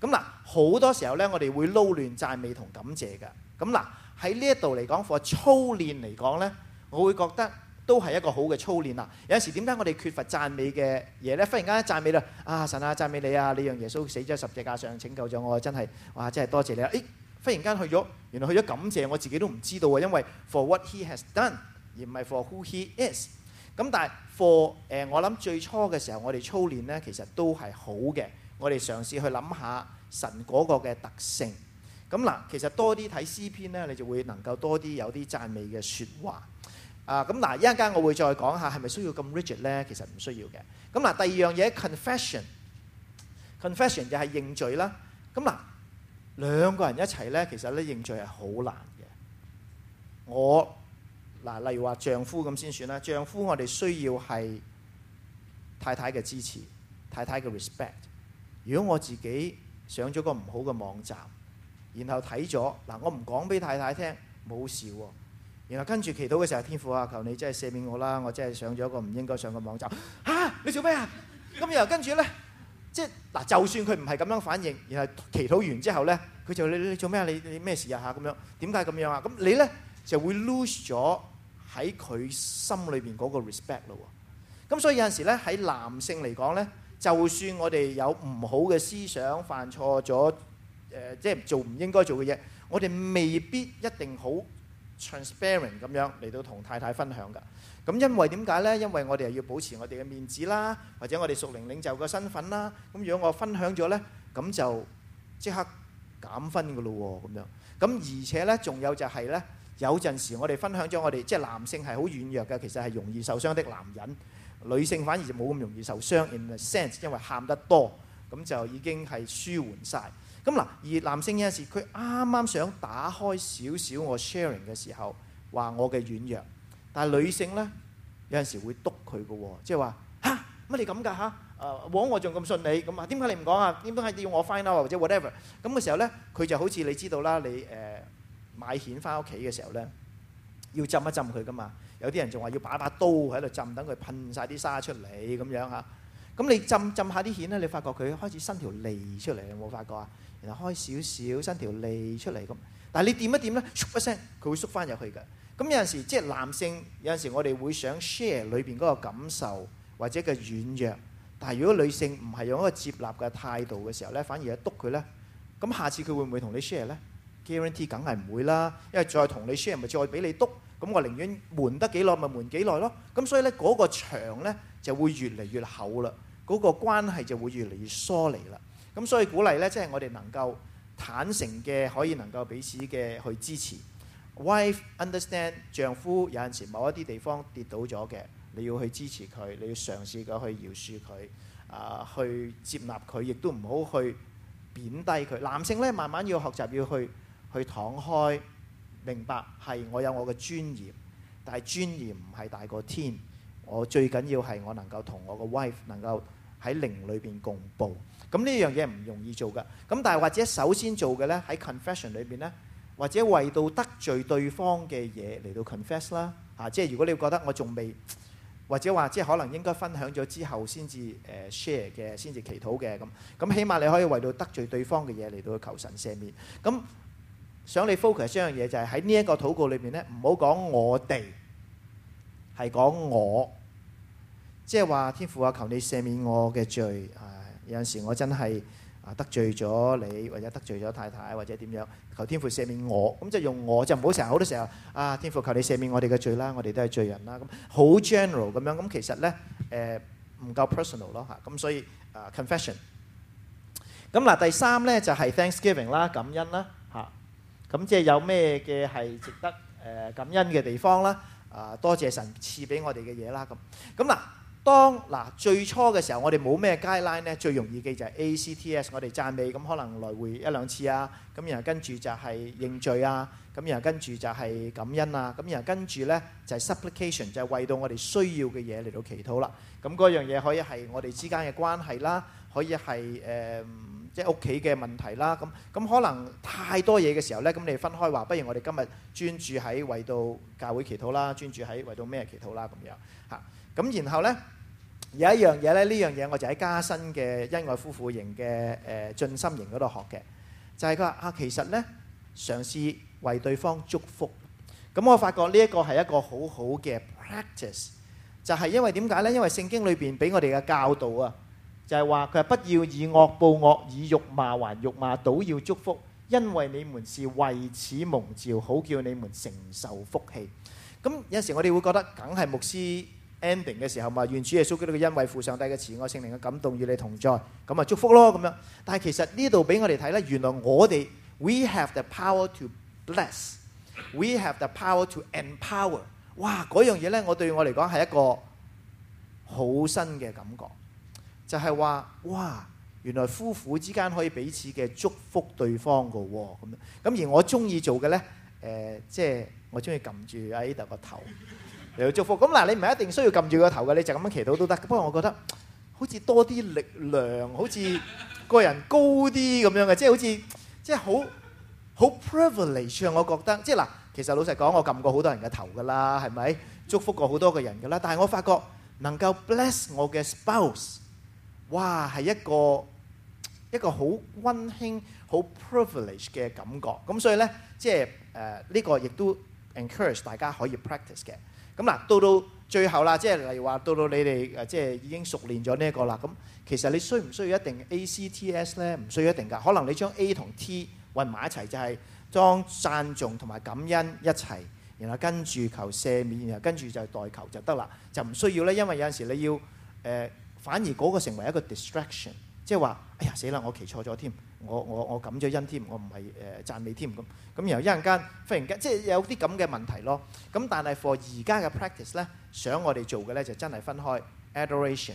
咁嗱，好多時候咧，我哋會撈亂讚美同感謝嘅。咁嗱，喺呢一度嚟講，for 操練嚟講呢，我會覺得都係一個好嘅操練啦。有陣時點解我哋缺乏讚美嘅嘢呢？忽然間讚讚美啦，啊神啊，讚美你啊！你讓耶穌死咗十字架上拯救咗我，真係哇，真係多謝你啦、啊！誒，忽然間去咗，原來去咗感謝，我自己都唔知道啊。因為 for what he has done 而唔係 for who he is。咁但係 for 誒、呃，我諗最初嘅時候，我哋操練呢，其實都係好嘅。我哋嘗試去諗下神嗰個嘅特性。咁嗱，其實多啲睇詩篇咧，你就會能夠多啲有啲讚美嘅說話。啊，咁嗱，一陣間我會再講下，係咪需要咁 rigid 咧？其實唔需要嘅。咁嗱，第二樣嘢 confession，confession 就係認罪啦。咁嗱，兩個人一齊咧，其實咧認罪係好難嘅。我嗱、啊，例如話丈夫咁先算啦，丈夫我哋需要係太太嘅支持，太太嘅 respect。如果我自己上咗個唔好嘅網站，然後睇咗嗱，我唔講俾太太聽，冇事喎。然後跟住祈禱嘅時候，天父啊，求你真係赦免我啦，我真係上咗一個唔應該上嘅網站。吓、啊，你做咩啊？咁然後跟住咧，即係嗱，就算佢唔係咁樣反應，然後祈禱完之後咧，佢就你你做咩啊？你你咩事啊？吓，咁樣，點解咁樣啊？咁你咧就會 lose 咗喺佢心裏邊嗰個 respect 咯。咁所以有陣時咧，喺男性嚟講咧，就算我哋有唔好嘅思想，犯錯咗。誒，即係做唔應該做嘅嘢，我哋未必一定好 transparent 咁樣嚟到同太太分享㗎。咁因為點解咧？因為我哋係要保持我哋嘅面子啦，或者我哋屬靈領袖嘅身份啦。咁如果我分享咗咧，咁就即刻減分㗎咯喎，咁樣。咁而且咧，仲有就係咧，有陣時我哋分享咗我哋，即係男性係好軟弱嘅，其實係容易受傷的男人，女性反而就冇咁容易受傷。In a sense，因為喊得多，咁就已經係舒緩晒。咁嗱，而男性有陣時佢啱啱想打開少少我 sharing 嘅時候，話我嘅軟弱，但係女性咧有陣時會篤佢嘅喎，即係話嚇乜你咁㗎嚇？誒、啊、往枉我仲咁信你，咁啊點解你唔講啊？點解要我 find out 或者 whatever？咁嘅時候咧，佢就好似你知道啦，你誒、呃、買蜆翻屋企嘅時候咧，要浸一浸佢噶嘛。有啲人仲話要把把刀喺度浸，等佢噴晒啲沙出嚟咁樣嚇。咁你浸浸下啲蜆咧，你發覺佢開始伸條脷出嚟，有冇發覺啊？然後開少少，伸條脷出嚟咁。但係你掂一掂咧，唰一聲，佢會縮翻入去嘅。咁有陣時即係男性，有陣時我哋會想 share 裏邊嗰個感受或者嘅軟弱。但係如果女性唔係用一個接納嘅態度嘅時候咧，反而係篤佢咧。咁下次佢會唔會同你 share 咧？Guarantee 梗係唔會啦。因為再同你 share 咪再俾你篤。咁我寧願悶得幾耐咪悶幾耐咯。咁所以咧嗰個牆咧就會越嚟越厚啦，嗰個關係就會越嚟越疏離啦。咁所以鼓勵咧，即係我哋能夠坦誠嘅，可以能夠彼此嘅去支持。wife understand 丈夫有陣時某一啲地方跌倒咗嘅，你要去支持佢，你要嘗試過去饒恕佢，啊、呃，去接納佢，亦都唔好去貶低佢。男性咧，慢慢要學習要去去敞開，明白係我有我嘅尊嚴，但係尊嚴唔係大過天。我最緊要係我能夠同我個 wife 能夠喺靈裏邊共抱。咁呢樣嘢唔容易做㗎，咁但係或者首先做嘅呢喺 confession 裏邊呢，或者為到得罪對方嘅嘢嚟到 confess 啦，嚇，即係如果你覺得我仲未，或者話即係可能應該分享咗之後先至誒 share 嘅，先至祈禱嘅咁，咁起碼你可以為到得罪對方嘅嘢嚟到求神赦免。咁想你 focus 一樣嘢就係喺呢一個禱告裏面呢，唔好講我哋，係講我，即係話天父啊，求你赦免我嘅罪啊！有陣時我真係啊得罪咗你，或者得罪咗太太，或者點樣，求天父赦免我。咁就用我，就唔好成日好多時候啊，天父求你赦免我哋嘅罪啦，我哋都係罪人啦。咁好 general 咁樣，咁其實咧誒唔夠 personal 咯嚇。咁所以啊 confession。咁嗱第三咧就係 Thanksgiving 啦，感恩啦嚇。咁即係有咩嘅係值得誒感恩嘅地方啦？啊多謝神賜俾我哋嘅嘢啦。咁咁嗱。當嗱最初嘅時候，我哋冇咩 guideline 咧，最容易嘅就係 ACTS，我哋讚美，咁可能來回一兩次啊，咁然後跟住就係認罪啊，咁然後跟住就係感恩啊，咁然後跟住呢，就係 supplication，就係為到我哋需要嘅嘢嚟到祈禱啦，咁嗰樣嘢可以係我哋之間嘅關係啦，可以係誒即係屋企嘅問題啦，咁咁可能太多嘢嘅時候呢，咁你分開話，不如我哋今日專注喺為到教會祈禱啦，專注喺為到咩祈禱啦咁樣嚇，咁然後呢。有一樣嘢咧，呢樣嘢我就喺加薪嘅恩愛夫婦型嘅誒進心型嗰度學嘅，就係佢話啊，其實咧，嘗試為對方祝福。咁我發覺呢一個係一個好好嘅 practice，就係因為點解咧？因為聖經裏邊俾我哋嘅教導啊，就係話佢係不要以惡報惡，以辱罵還辱罵，倒要祝福，因為你們是為此蒙召，好叫你們承受福氣。咁有時我哋會覺得，梗係牧師。Ending 嘅時候嘛，願主耶穌基督嘅恩惠、父上帝嘅慈愛、聖靈嘅感動與你同在，咁啊祝福咯咁樣。但係其實呢度俾我哋睇咧，原來我哋 we have the power to bless，we have the power to empower。哇，嗰樣嘢咧，我對我嚟講係一個好新嘅感覺，就係話哇，原來夫婦之間可以彼此嘅祝福對方噶喎，咁樣。咁而我中意做嘅咧，誒，即係我中意撳住阿 ida 個頭。你要祝福咁嗱，你唔係一定需要撳住個頭嘅，你就咁樣祈禱都得。不過我覺得好似多啲力量，好似個人高啲咁樣嘅，即係好似即係好好 privilege 啊！我覺得即係嗱，其實老實講，我撳過好多人嘅頭㗎喇，係咪祝福過好多個人㗎喇？但係我發覺能夠 bless 我嘅 spouse，哇，係一個一個好温馨、好 privilege 嘅感覺。咁所以咧，即係誒呢個亦都 encourage 大家可以 practice 嘅。咁嗱，到到最後啦，即係例如話，到到你哋誒，即係已經熟練咗呢一個啦。咁其實你需唔需要一定 A C T S 咧？唔需要一定噶，可能你將 A 同 T 混埋一齊，就係、是、將讚頌同埋感恩一齊，然後跟住求赦免，然後跟住就代求就得啦，就唔需要咧。因為有陣時你要誒、呃，反而嗰個成為一個 distraction，即係話，哎呀死啦，我騎錯咗添。我我我感咗恩添，我唔係誒讚美添咁咁。然後一陣間忽然間，即係有啲咁嘅問題咯。咁但係 for 而家嘅 practice 咧，想我哋做嘅咧就真係分開 adoration、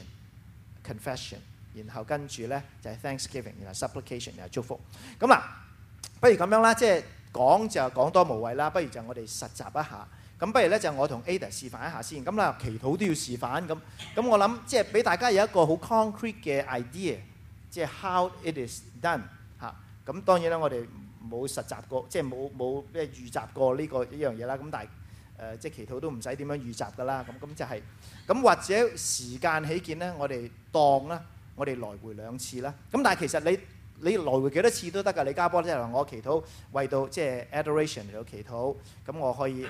confession，然後跟住咧就係 thanksgiving，然後 supplication，然後祝福。咁嗱，不如咁樣啦，即係講就講多無謂啦。不如就我哋實習一下。咁不如咧就我同 Ada 示範一下先。咁嗱，祈禱都要示範咁。咁我諗即係俾大家有一個好 concrete 嘅 idea，即係 how it is done。咁當然啦，我哋冇實習過，即係冇冇咩預習過呢個呢樣嘢啦。咁但係誒、呃，即係祈禱都唔使點樣預習㗎喇。咁咁就係、是、咁，或者時間起見咧，我哋當啦，我哋來回兩次啦。咁但係其實你。你來回幾多次都得㗎，李家波即係我祈禱為到即係 adoration 嚟到祈禱，咁我可以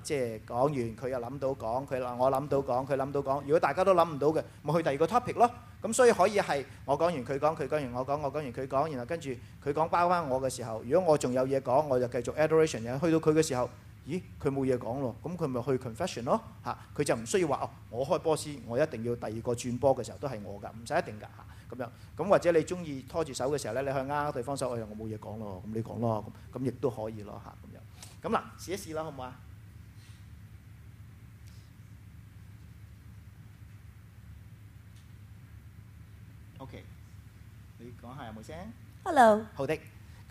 誒即係講完，佢又諗到講，佢話我諗到講，佢諗到講。如果大家都諗唔到嘅，咪去第二個 topic 咯。咁所以可以係我講完佢講，佢講完我講，我講完佢講，然後跟住佢講包返我嘅時候，如果我仲有嘢講，我就繼續 adoration。然後去到佢嘅時候，咦佢冇嘢講咯，咁佢咪去 confession 咯嚇？佢就唔需要話哦，我開波先，我一定要第二個轉波嘅時候都係我㗎，唔使一定㗎嚇。咁樣，咁或者你中意拖住手嘅時候咧，你去握對方手，我又我冇嘢講咯，咁你講咯，咁咁亦都可以咯嚇，咁樣。咁嗱，試一試啦，好唔好啊？Okay，你講下有冇聲？Hello。好的，咁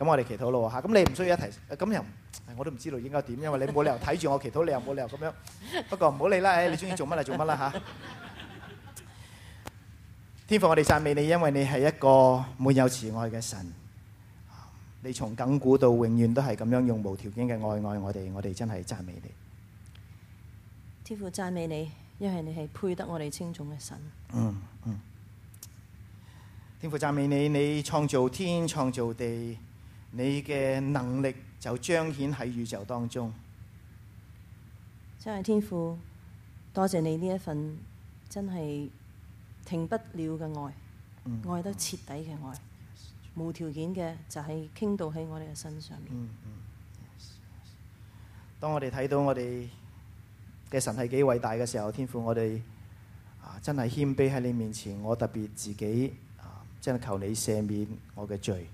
我哋祈禱咯嚇。咁你唔需要一提，咁又我都唔知道應該點，因為你冇理由睇住我祈禱，你又冇理由咁樣。不過唔好理啦，誒，你中意做乜嚟做乜啦嚇。天父，我哋讚美你，因為你係一個滿有慈愛嘅神。你從亙古到永遠都係咁樣用無條件嘅愛愛我哋，我哋真係讚美你。天父讚美你，因為你係配得我哋敬重嘅神。嗯嗯。天父讚美你，你創造天，創造地，你嘅能力就彰顯喺宇宙當中。真係天父，多謝你呢一份真係。停不了嘅愛，嗯、愛得徹底嘅愛，嗯、無條件嘅就係、是、傾倒喺我哋嘅身上面、嗯嗯嗯嗯嗯嗯。當我哋睇到我哋嘅神係幾偉大嘅時候，天父我哋啊真係謙卑喺你面前，我特別自己啊真係求你赦免我嘅罪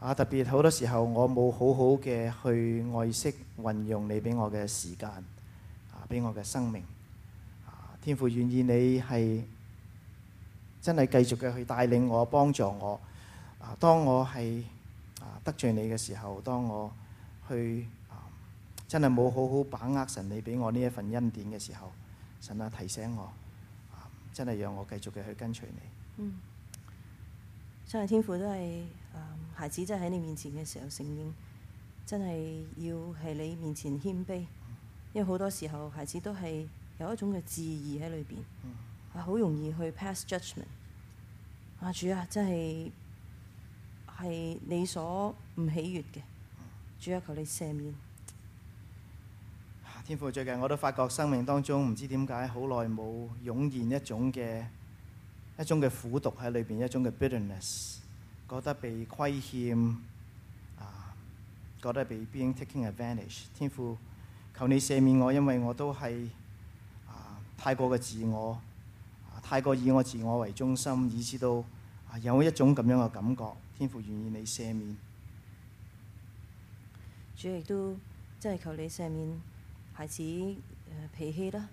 啊！特別好多時候我冇好好嘅去愛惜運用你俾我嘅時間啊，俾我嘅生命、啊、天父願意你係。真係繼續嘅去帶領我、幫助我。啊，當我係啊得罪你嘅時候，當我去啊真係冇好好把握神你俾我呢一份恩典嘅時候，神啊提醒我、啊、真係讓我繼續嘅去跟隨你。嗯。真係天父都係、嗯、孩子真係喺你面前嘅時候承認，真係要喺你面前謙卑、嗯，因為好多時候孩子都係有一種嘅自義喺裏邊。嗯。好容易去 pass judgment，阿、啊、主啊，真係係你所唔喜悅嘅，主啊、啊、求你赦免。天父，最近我都發覺生命當中唔知點解好耐冇湧現一種嘅一種嘅苦毒喺裏邊，一種嘅 bitterness，覺得被虧欠啊，覺得被 being taking advantage。天父求你赦免我，因為我都係、啊、太過嘅自我。太過以我自我為中心，以至到啊有一種咁樣嘅感覺。天父願意你赦免，主亦都真係求你赦免孩子、呃、脾氣啦。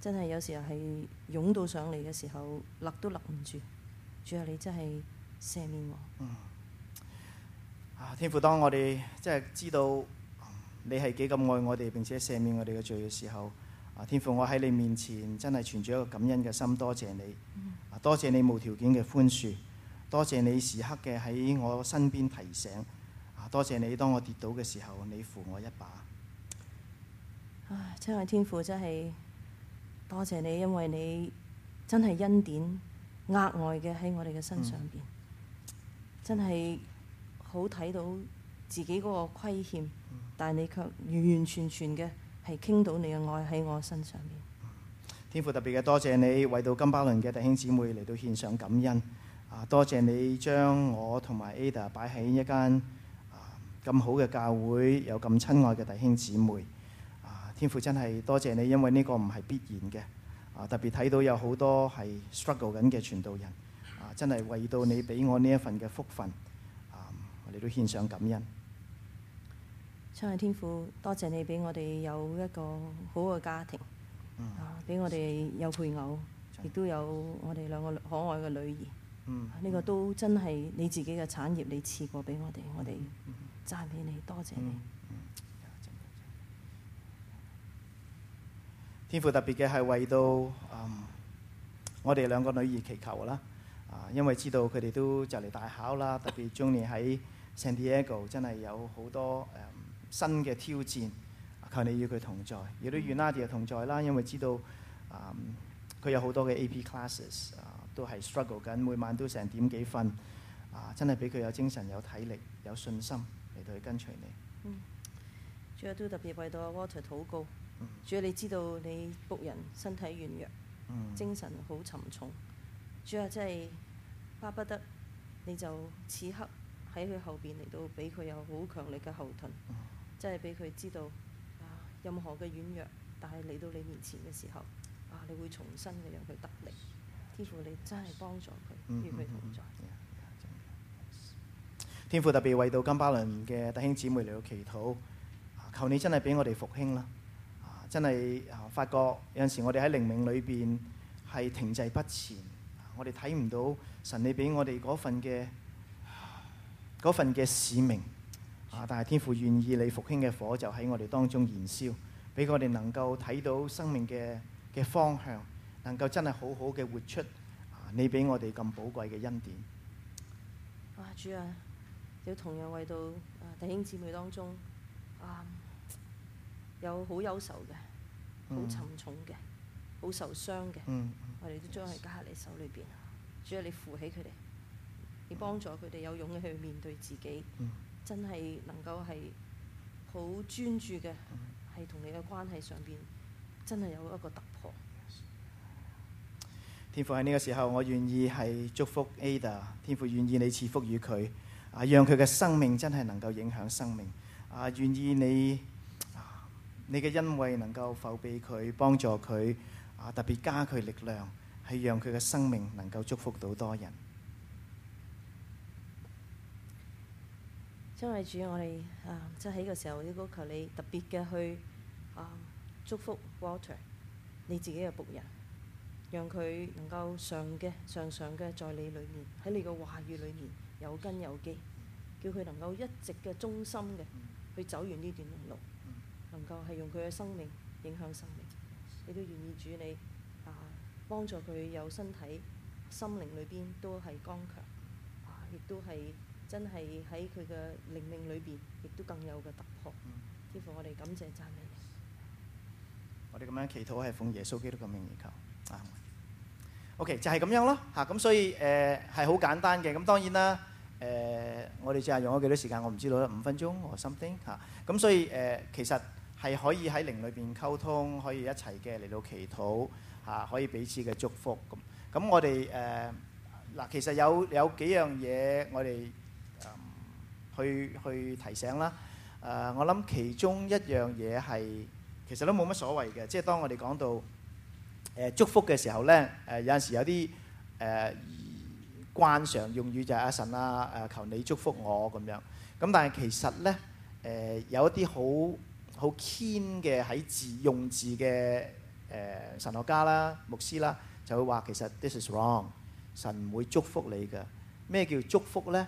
真係有時候係湧到上嚟嘅時候，勒都勒唔住。主啊，你真係赦免我、嗯。啊，天父，當我哋真係知道你係幾咁愛我哋，並且赦免我哋嘅罪嘅時候。啊，天父，我喺你面前真係存住一個感恩嘅心，多謝你，啊，多謝你無條件嘅寬恕，多謝你時刻嘅喺我身邊提醒，啊，多謝你當我跌倒嘅時候，你扶我一把。唉，真係天父，真係多謝你，因為你真係恩典額外嘅喺我哋嘅身上邊、嗯，真係好睇到自己嗰個虧欠、嗯，但你卻完完全全嘅。係傾到你嘅愛喺我身上面，天父特別嘅多謝你為到金巴倫嘅弟兄姊妹嚟到獻上感恩啊！多謝你將我同埋 Ada 擺喺一間啊咁好嘅教會，有咁親愛嘅弟兄姊妹啊！天父真係多謝你，因為呢個唔係必然嘅啊！特別睇到有好多係 struggle 緊嘅傳道人啊，真係為到你俾我呢一份嘅福分啊！我哋都獻上感恩。親愛天父，多謝你俾我哋有一個好嘅家庭，嗯、啊，俾我哋有配偶，亦都有我哋兩個可愛嘅女兒。嗯，呢、嗯啊呢個都真係你自己嘅產業，你賜過俾我哋、嗯嗯，我哋讚美你，多謝你。嗯嗯嗯、天父特別嘅係為到、嗯、我哋兩個女兒祈求啦，啊，因為知道佢哋都就嚟大考啦，特別今年喺 San Diego 真係有好多誒、啊新嘅挑戰，求你與佢同在，亦都與 Nadia 同在啦。因為知道，佢、嗯、有好多嘅 AP classes，啊、都係 struggle 緊，每晚都成點幾瞓。啊，真係俾佢有精神、有體力、有信心嚟到去跟隨你。嗯，主要都特別為到阿 Water 禱告。嗯，主要你知道你僕人身體軟弱，嗯、精神好沉重。主要真係巴不得你就此刻喺佢後邊嚟到俾佢有好強力嘅後盾。真係俾佢知道，啊，任何嘅軟弱，但係嚟到你面前嘅時候，啊，你會重新嘅讓佢得力。天父，你真係幫助佢，俾佢同在嗯嗯嗯嗯嗯嗯、嗯嗯。天父特別為到金巴倫嘅弟兄姊妹嚟到祈禱，求你真係俾我哋復興啦！啊，真係啊，發覺有陣時我哋喺靈命裏邊係停滯不前，我哋睇唔到神你俾我哋嗰份嘅嗰份嘅使命。啊！但係天父願意你復興嘅火就喺我哋當中燃燒，俾我哋能夠睇到生命嘅嘅方向，能夠真係好好嘅活出啊！你俾我哋咁寶貴嘅恩典、啊。主啊，要同樣為到、啊、弟兄姊妹當中啊，有好憂愁嘅、好沉重嘅、好、嗯、受傷嘅、嗯嗯，我哋都將係加喺你手裏邊。主啊，你扶起佢哋，你幫助佢哋有勇氣去面對自己。嗯真係能夠係好專注嘅，係同你嘅關係上邊，真係有一個突破。天父喺呢個時候，我願意係祝福 Ada，天父願意你賜福予佢，啊，讓佢嘅生命真係能夠影響生命，啊，願意你，你嘅恩惠能夠扶庇佢，幫助佢，啊，特別加佢力量，係讓佢嘅生命能夠祝福到多人。因為主我哋啊，即係喺個時候，都求你特別嘅去啊祝福 Water，你自己嘅僕人，讓佢能夠上嘅、常常嘅，在你裏面，喺你個話語裏面有根有基，叫佢能夠一直嘅忠心嘅、嗯、去走完呢段路，能夠係用佢嘅生命影響生命。你都願意主你啊幫助佢有身體、心靈裏邊都係剛強啊，亦都係。真係喺佢嘅靈命裏邊，亦都更有個突破。天父，我哋感謝讚美你。我哋咁樣祈禱係奉耶穌基督嘅名而求。啊，OK，就係咁樣咯。嚇，咁所以誒係好簡單嘅。咁當然啦。誒，我哋只係用咗幾多時間？我唔知道啦。五分鐘或 something 嚇。咁所以誒，其實係可以喺靈裏邊溝通，可以一齊嘅嚟到祈禱嚇，可以彼此嘅祝福咁。咁我哋誒嗱，其實有有幾樣嘢我哋。去去提醒啦！誒，我諗其中一樣嘢係，其實都冇乜所謂嘅。即係當我哋講到誒祝福嘅時候咧，誒有陣時有啲誒慣常用語就係阿神啦，誒求你祝福我咁樣。咁但係其實咧，誒有一啲好好謙嘅喺字用字嘅誒神學家啦、牧師啦，就會話其實 this is wrong，神唔會祝福你嘅。咩叫祝福咧？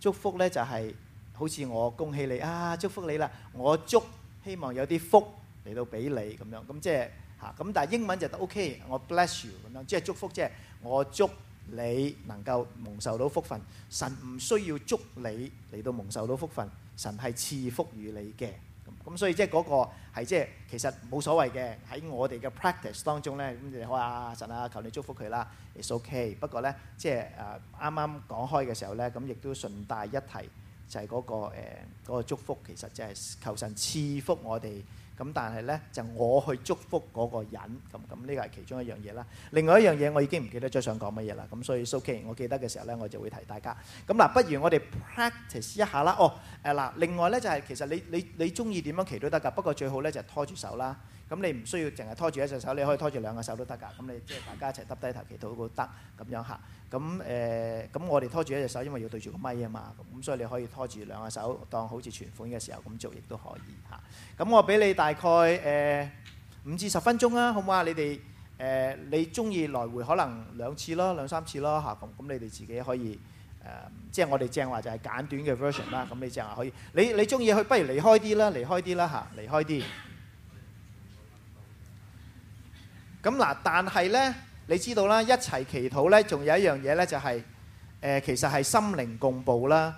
祝福咧就係好似我恭喜你啊，祝福你啦！我祝希望有啲福嚟到俾你咁樣，咁即係嚇咁。但係英文就得 OK，我 bless you 咁樣，即係祝福，即係我祝你能夠蒙受到福分。神唔需要祝你嚟到蒙受到福分，神係賜福於你嘅。咁所以即係嗰個係即係其實冇所謂嘅喺我哋嘅 practice 當中咧咁你好開下、啊、神啊求你祝福佢啦，it's okay。不過咧即係誒啱啱講開嘅時候咧咁亦都順帶一提就係嗰、嗰個誒、呃嗰個、祝福其實就係求神賜福我哋。咁但係咧，就我去祝福嗰個人，咁咁呢個係其中一樣嘢啦。另外一樣嘢，我已經唔記得咗想講乜嘢啦。咁所以 OK，我記得嘅時候咧，我就會提大家。咁嗱，不如我哋 practice 一下啦。哦，誒嗱，另外咧就係其實你你你中意點樣企都得㗎，不過最好咧就拖住手啦。咁你唔需要淨係拖住一隻手，你可以拖住兩個手都得㗎。咁你即係大家一齊耷低頭祈禱都得咁樣嚇。咁誒咁我哋拖住一隻手，因為要對住個咪啊嘛。咁所以你可以拖住兩個手，當好似存款嘅時候咁做，亦都可以嚇。咁我俾你大概誒五至十分鐘啦，好唔好啊？你哋誒、呃、你中意來回可能兩次咯，兩三次咯嚇。咁咁你哋自己可以誒，即、呃、係、就是、我哋正話就係簡短嘅 version 啦。咁你正話可以，你你中意去，不如離開啲啦，離開啲啦嚇，離開啲。咁嗱，但係咧，你知道啦，一齊祈禱咧，仲有一樣嘢咧，就係誒，其實係心靈共步啦。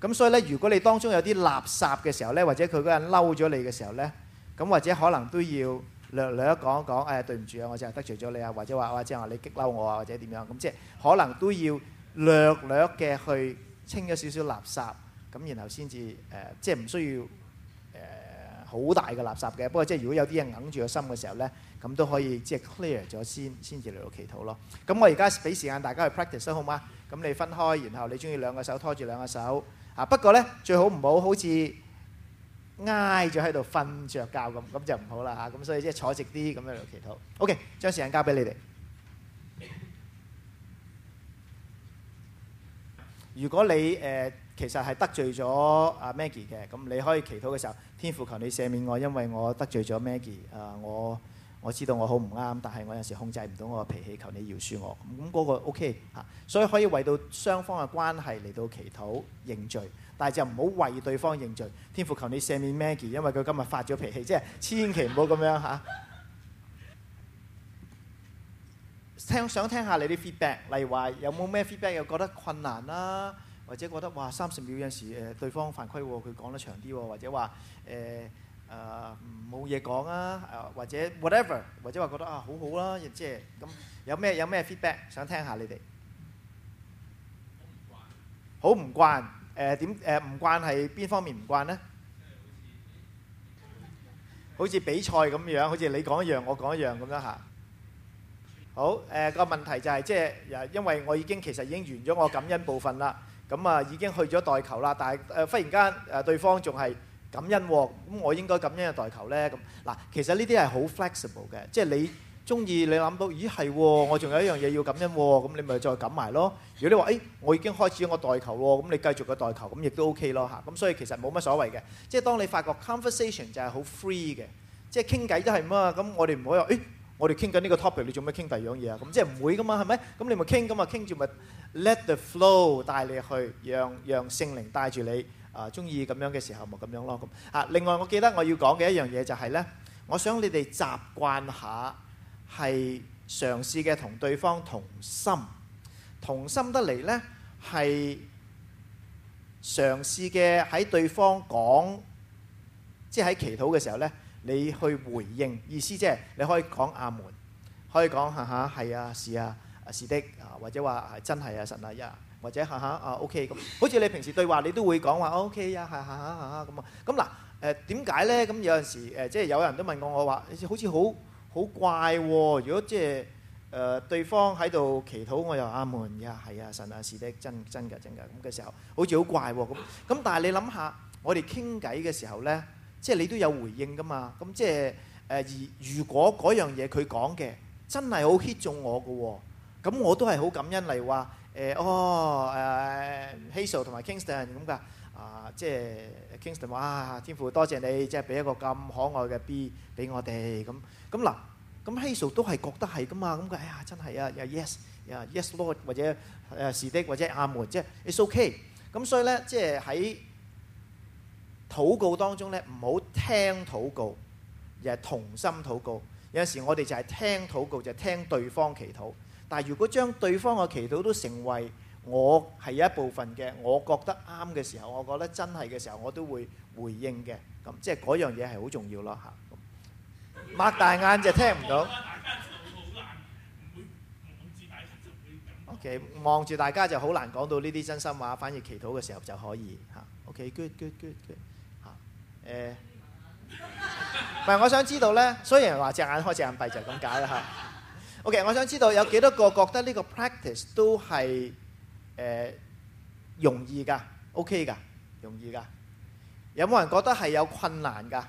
咁所以咧，如果你當中有啲垃圾嘅時候咧，或者佢個人嬲咗你嘅時候咧，咁或者可能都要略略講一講，誒對唔住啊，我真係得罪咗你啊，或者話或者話你激嬲我啊，或者點樣咁，即係可能都要略略嘅去清咗少少垃圾，咁然後先至誒，即係唔需要誒好大嘅垃圾嘅。不過即係如果有啲人揞住個心嘅時候咧。咁都可以即係 clear 咗先，先至嚟到祈禱咯。咁我而家俾時間大家去 practice 啦，好嗎？咁你分開，然後你中意兩個手拖住兩個手。啊，不過咧，最好唔好好似挨住喺度瞓著覺咁，咁就唔好啦嚇。咁所以即係坐直啲咁樣嚟到祈禱。OK，將時間交俾你哋。如果你誒其實係得罪咗阿 Maggie 嘅，咁你可以祈禱嘅時候，天父求你赦免我，因為我得罪咗 Maggie。啊，我。我知道我好唔啱，但係我有時控制唔到我嘅脾氣，求你饒恕我。咁、那、嗰個 OK 嚇，所以可以為到雙方嘅關係嚟到祈禱認罪，但係就唔好為對方認罪。天父求你赦免 Maggie，因為佢今日發咗脾氣，即係千祈唔好咁樣嚇。聽 想，想聽下你啲 feedback，例如話有冇咩 feedback 又覺得困難啦，或者覺得哇三十秒有時誒對方犯規喎，佢講得長啲喎，或者話誒。欸誒冇嘢講啊！誒或者 whatever，或者話覺得啊好好啦，亦即係咁有咩有咩 feedback 想聽下你哋？好唔慣？誒點誒唔慣係邊方面唔慣呢？好似比賽咁樣，好似你講一樣，我講一樣咁樣吓。好誒個問題就係即係誒，因為我已經其實已經完咗我感恩部分啦，咁啊已經去咗代求啦，但係誒忽然間誒對方仲係。感恩喎，咁我應該感恩嘅代求咧。咁嗱，其實呢啲係好 flexible 嘅，即係你中意你諗到，咦係喎，我仲有一樣嘢要感恩喎，咁你咪再感恩咯。如果你話，誒，我已經開始我代求喎，咁你繼續個代求，咁亦都 OK 咯嚇。咁所以其實冇乜所謂嘅，即係當你發覺 conversation 就係好 free 嘅，即係傾偈都係嘛。咁我哋唔可以誒，我哋傾緊呢個 topic，你做咩傾第二樣嘢啊？咁即係唔會噶嘛，係咪？咁你咪傾噶嘛，傾住咪 let the flow 帶你去，讓讓聖靈帶住你。啊，中意咁樣嘅時候，咪咁樣咯。咁啊，另外，我記得我要講嘅一樣嘢就係呢：我想你哋習慣下，係嘗試嘅同對方同心，同心得嚟呢係嘗試嘅喺對方講，即係喺祈禱嘅時候呢，你去回應，意思即係你可以講阿門，可以講下下係啊，是啊，啊是的或者話係真係啊，神啊，一、yeah。或者下下啊 OK 咁，好似你平時對話，你都會講話 OK 呀下下下下，咁啊咁，嗱，誒點解咧？咁有陣時誒，即係有人都問過我，我話好似好好怪喎。如果即係誒，對方喺度祈禱，我又阿門呀，係啊神啊是的，真真㗎真㗎咁嘅時候，好似好怪喎咁。咁但係你諗下，我哋傾偈嘅時候咧，即係你都有回應㗎嘛。咁即係誒，如如果嗰樣嘢佢講嘅真係好 hit 中我㗎，咁我都係好感恩嚟話。誒哦誒，Hazel 同埋 Kingston 咁噶，啊即係 Kingston，哇天父多謝你，即係俾一個咁可愛嘅 B 俾我哋咁，咁嗱，咁 Hazel 都係覺得係噶嘛，咁佢哎呀真係啊，又 yes，又 yes Lord 或者誒是的或者阿門，即係 it's okay。咁所以咧即係喺禱告當中咧，唔好聽禱告，而係同心禱告。有時我哋就係聽禱告，就係聽對方祈禱。但係如果將對方嘅祈禱都成為我係一部分嘅，我覺得啱嘅時候，我覺得真係嘅時候，我都會回應嘅。咁即係嗰樣嘢係好重要咯嚇。擘大眼就聽唔到。OK，望住大家就好難講到呢啲真心話。反而祈禱嘅時候就可以嚇。OK，good，good，good，good。嚇，誒，唔係我想知道咧。雖然話隻眼開隻眼閉就係咁解啦嚇。OK，我想知道有幾多個覺得呢個 practice 都係誒容易噶，OK 噶，容易噶。有冇人覺得係有困難噶？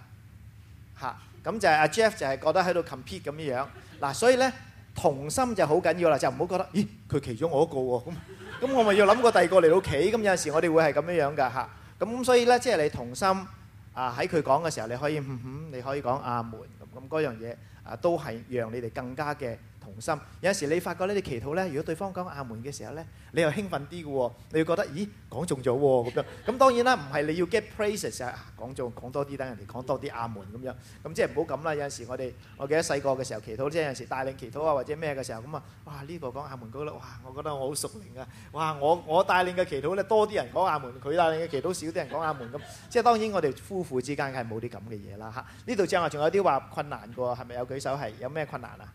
嚇，咁就係阿 Jeff 就係覺得喺度 compete 咁樣樣。嗱，所以咧同心就好緊要啦，就唔好覺得咦佢企咗我一個喎。咁咁我咪要諗個第二個嚟到企。咁有陣時我哋會係咁樣樣噶嚇。咁所以咧即係你同心啊喺佢講嘅時候你可以嗯哼你可以講阿門咁咁嗰樣嘢啊都係讓你哋更加嘅。同心有陣時，你發覺呢你祈禱咧，如果對方講亞門嘅時候咧，你又興奮啲嘅喎，你會覺得咦講中咗喎咁樣。咁當然啦，唔係你要 get praise，啊、講中講多啲，等人哋講多啲亞門咁樣。咁即係唔好咁啦。有陣時我哋，我記得細個嘅時候祈禱，即係有陣時帶領祈禱啊，或者咩嘅時候咁啊，哇呢、呢個講亞門，高啦，哇我覺得我好熟練啊。哇我我帶領嘅祈禱咧多啲人講亞門，佢帶領嘅祈禱少啲人講亞門咁。即係當然我哋夫婦之間係冇啲咁嘅嘢啦嚇。呢度正話仲有啲話、啊、困難嘅喎，係咪有舉手係有咩困難啊？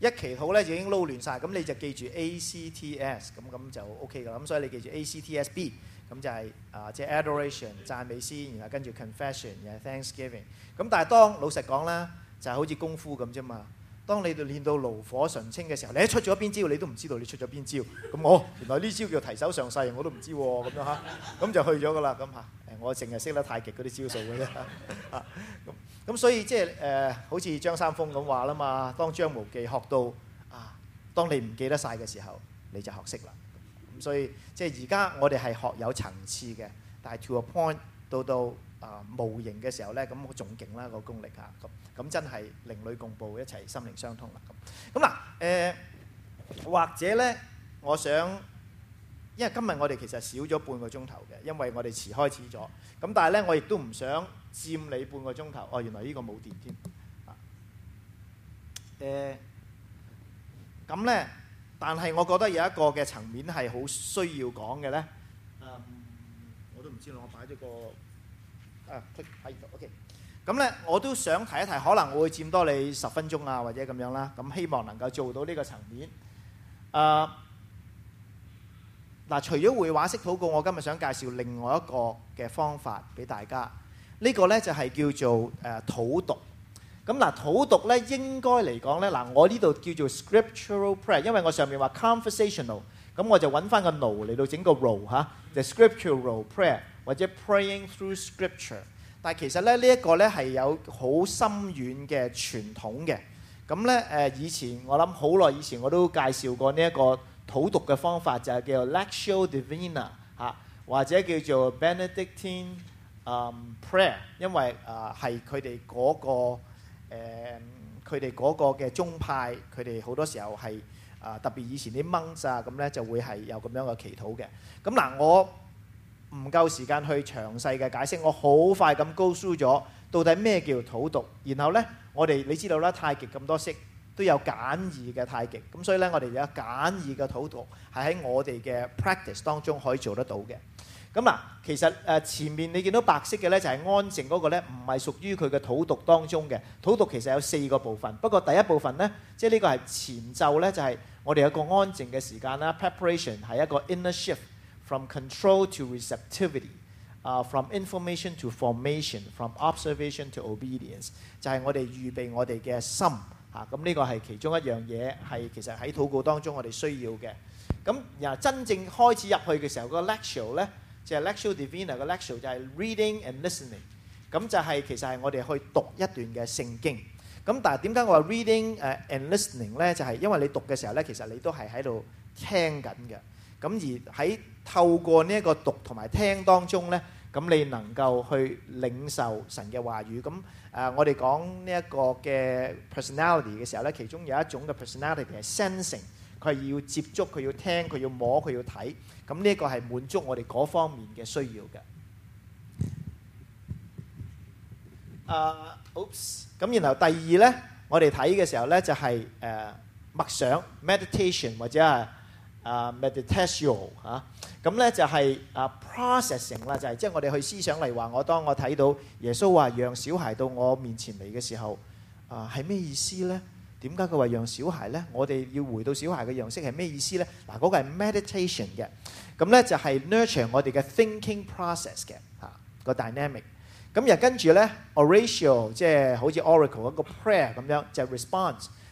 一祈禱咧就已經撈亂曬，咁你就記住 A C T S，咁咁就 O K 噶，咁所以你記住 A C T S B，咁就係啊，即 adoration 讚美先，然後跟住 confession，然後 thanksgiving。咁但係當老實講啦，就係好似功夫咁啫嘛。當你練到爐火純青嘅時候，你一出咗邊招你都唔知道你出咗邊招。咁我原來呢招叫提手上勢，我都唔知喎。咁樣嚇，咁就去咗噶啦，咁嚇。我淨係識得太極嗰啲招數嘅啫，咁咁所以即係誒，好似張三豐咁話啦嘛，當張無忌學到啊，當你唔記得晒嘅時候，你就學識啦。咁所以即係而家我哋係學有層次嘅，但係 to a point 到到啊無形嘅時候咧，咁我仲勁啦個功力嚇，咁咁真係另類共步一齊心靈相通啦咁。咁嗱誒，或者咧，我想。因為今日我哋其實少咗半個鐘頭嘅，因為我哋遲開始咗。咁但係呢，我亦都唔想佔你半個鐘頭。哦，原來呢個冇電添。誒，咁呢，但係我覺得有一個嘅層面係好需要講嘅呢。啊，我都唔知我擺咗個啊，click 批讀，OK。咁呢，我都想提一提，可能我會佔多你十分鐘啊，或者咁樣啦。咁希望能夠做到呢個層面。啊。嗱，除咗繪畫式禱告，我今日想介紹另外一個嘅方法俾大家。呢、這個呢就係、是、叫做誒討、啊、讀。咁、啊、嗱，討讀呢應該嚟講呢，嗱、啊、我呢度叫做 scriptural prayer，因為我上面話 conversational，咁我就揾翻個奴嚟到整個 role、啊、the scriptural prayer 或者 praying through scripture。但其實咧呢一、這個呢係有好深遠嘅傳統嘅。咁呢、啊，以前我諗好耐以前我都介紹過呢、這、一個。土讀嘅方法就係叫 Lectio Divina 嚇、啊，或者叫做 Benedictine、um, prayer，因為誒係佢哋嗰個佢哋嗰個嘅宗派，佢哋好多時候係啊、呃、特別以前啲 monks 啊咁咧就會係有咁樣嘅祈禱嘅。咁嗱、呃，我唔夠時間去詳細嘅解釋，我好快咁 go through 咗到底咩叫土讀，然後咧我哋，你知道啦，太極咁多式。都有簡易嘅太極，咁所以咧，我哋有簡易嘅土讀，係喺我哋嘅 practice 當中可以做得到嘅。咁啊，其實誒前面你見到白色嘅咧，就係安靜嗰個咧，唔係屬於佢嘅土讀當中嘅。土讀其實有四個部分，不過第一部分咧，即係呢個係前奏咧，就係我哋一個安靜嘅時間啦。Preparation 係一個 inner shift from control to receptivity，啊，from information to formation，from observation to obedience，就係我哋預備我哋嘅心。嚇！咁呢個係其中一樣嘢，係其實喺禱告當中我哋需要嘅。咁然後真正開始入去嘅時候，個 lecture 咧就係 Lectio Divina 嘅 lecture 就係 reading and listening。咁就係其實係我哋去讀一段嘅聖經。咁但係點解我話 reading 誒 and listening 咧？就係因為你讀嘅時候咧，其實你都係喺度聽緊嘅。咁而喺透過呢一個讀同埋聽當中咧。咁你能夠去領受神嘅話語，咁誒我哋講呢一個嘅 personality 嘅時候咧，其中有一種嘅 personality 係 sensing，佢係要接觸，佢要聽，佢要摸，佢要睇，咁呢個係滿足我哋嗰方面嘅需要嘅。誒，oops，咁然後第二咧，我哋睇嘅時候咧就係誒默想 meditation，或者係。啊，meditation 嚇，咁咧就係啊 processing 啦，就係即係我哋去思想嚟話，我當我睇到耶穌話讓小孩到我面前嚟嘅時候，啊係咩意思咧？點解佢話讓小孩咧？我哋要回到小孩嘅樣式係咩意思咧？嗱、嗰個，嗰個係 meditation 嘅，咁咧就係 nurture 我哋嘅 thinking process 嘅嚇個 dynamic，咁又跟住咧 oratio，即係好似 oracle 一個 prayer 咁樣，就係 yeah. oratio, 就係、oracle, 就 response。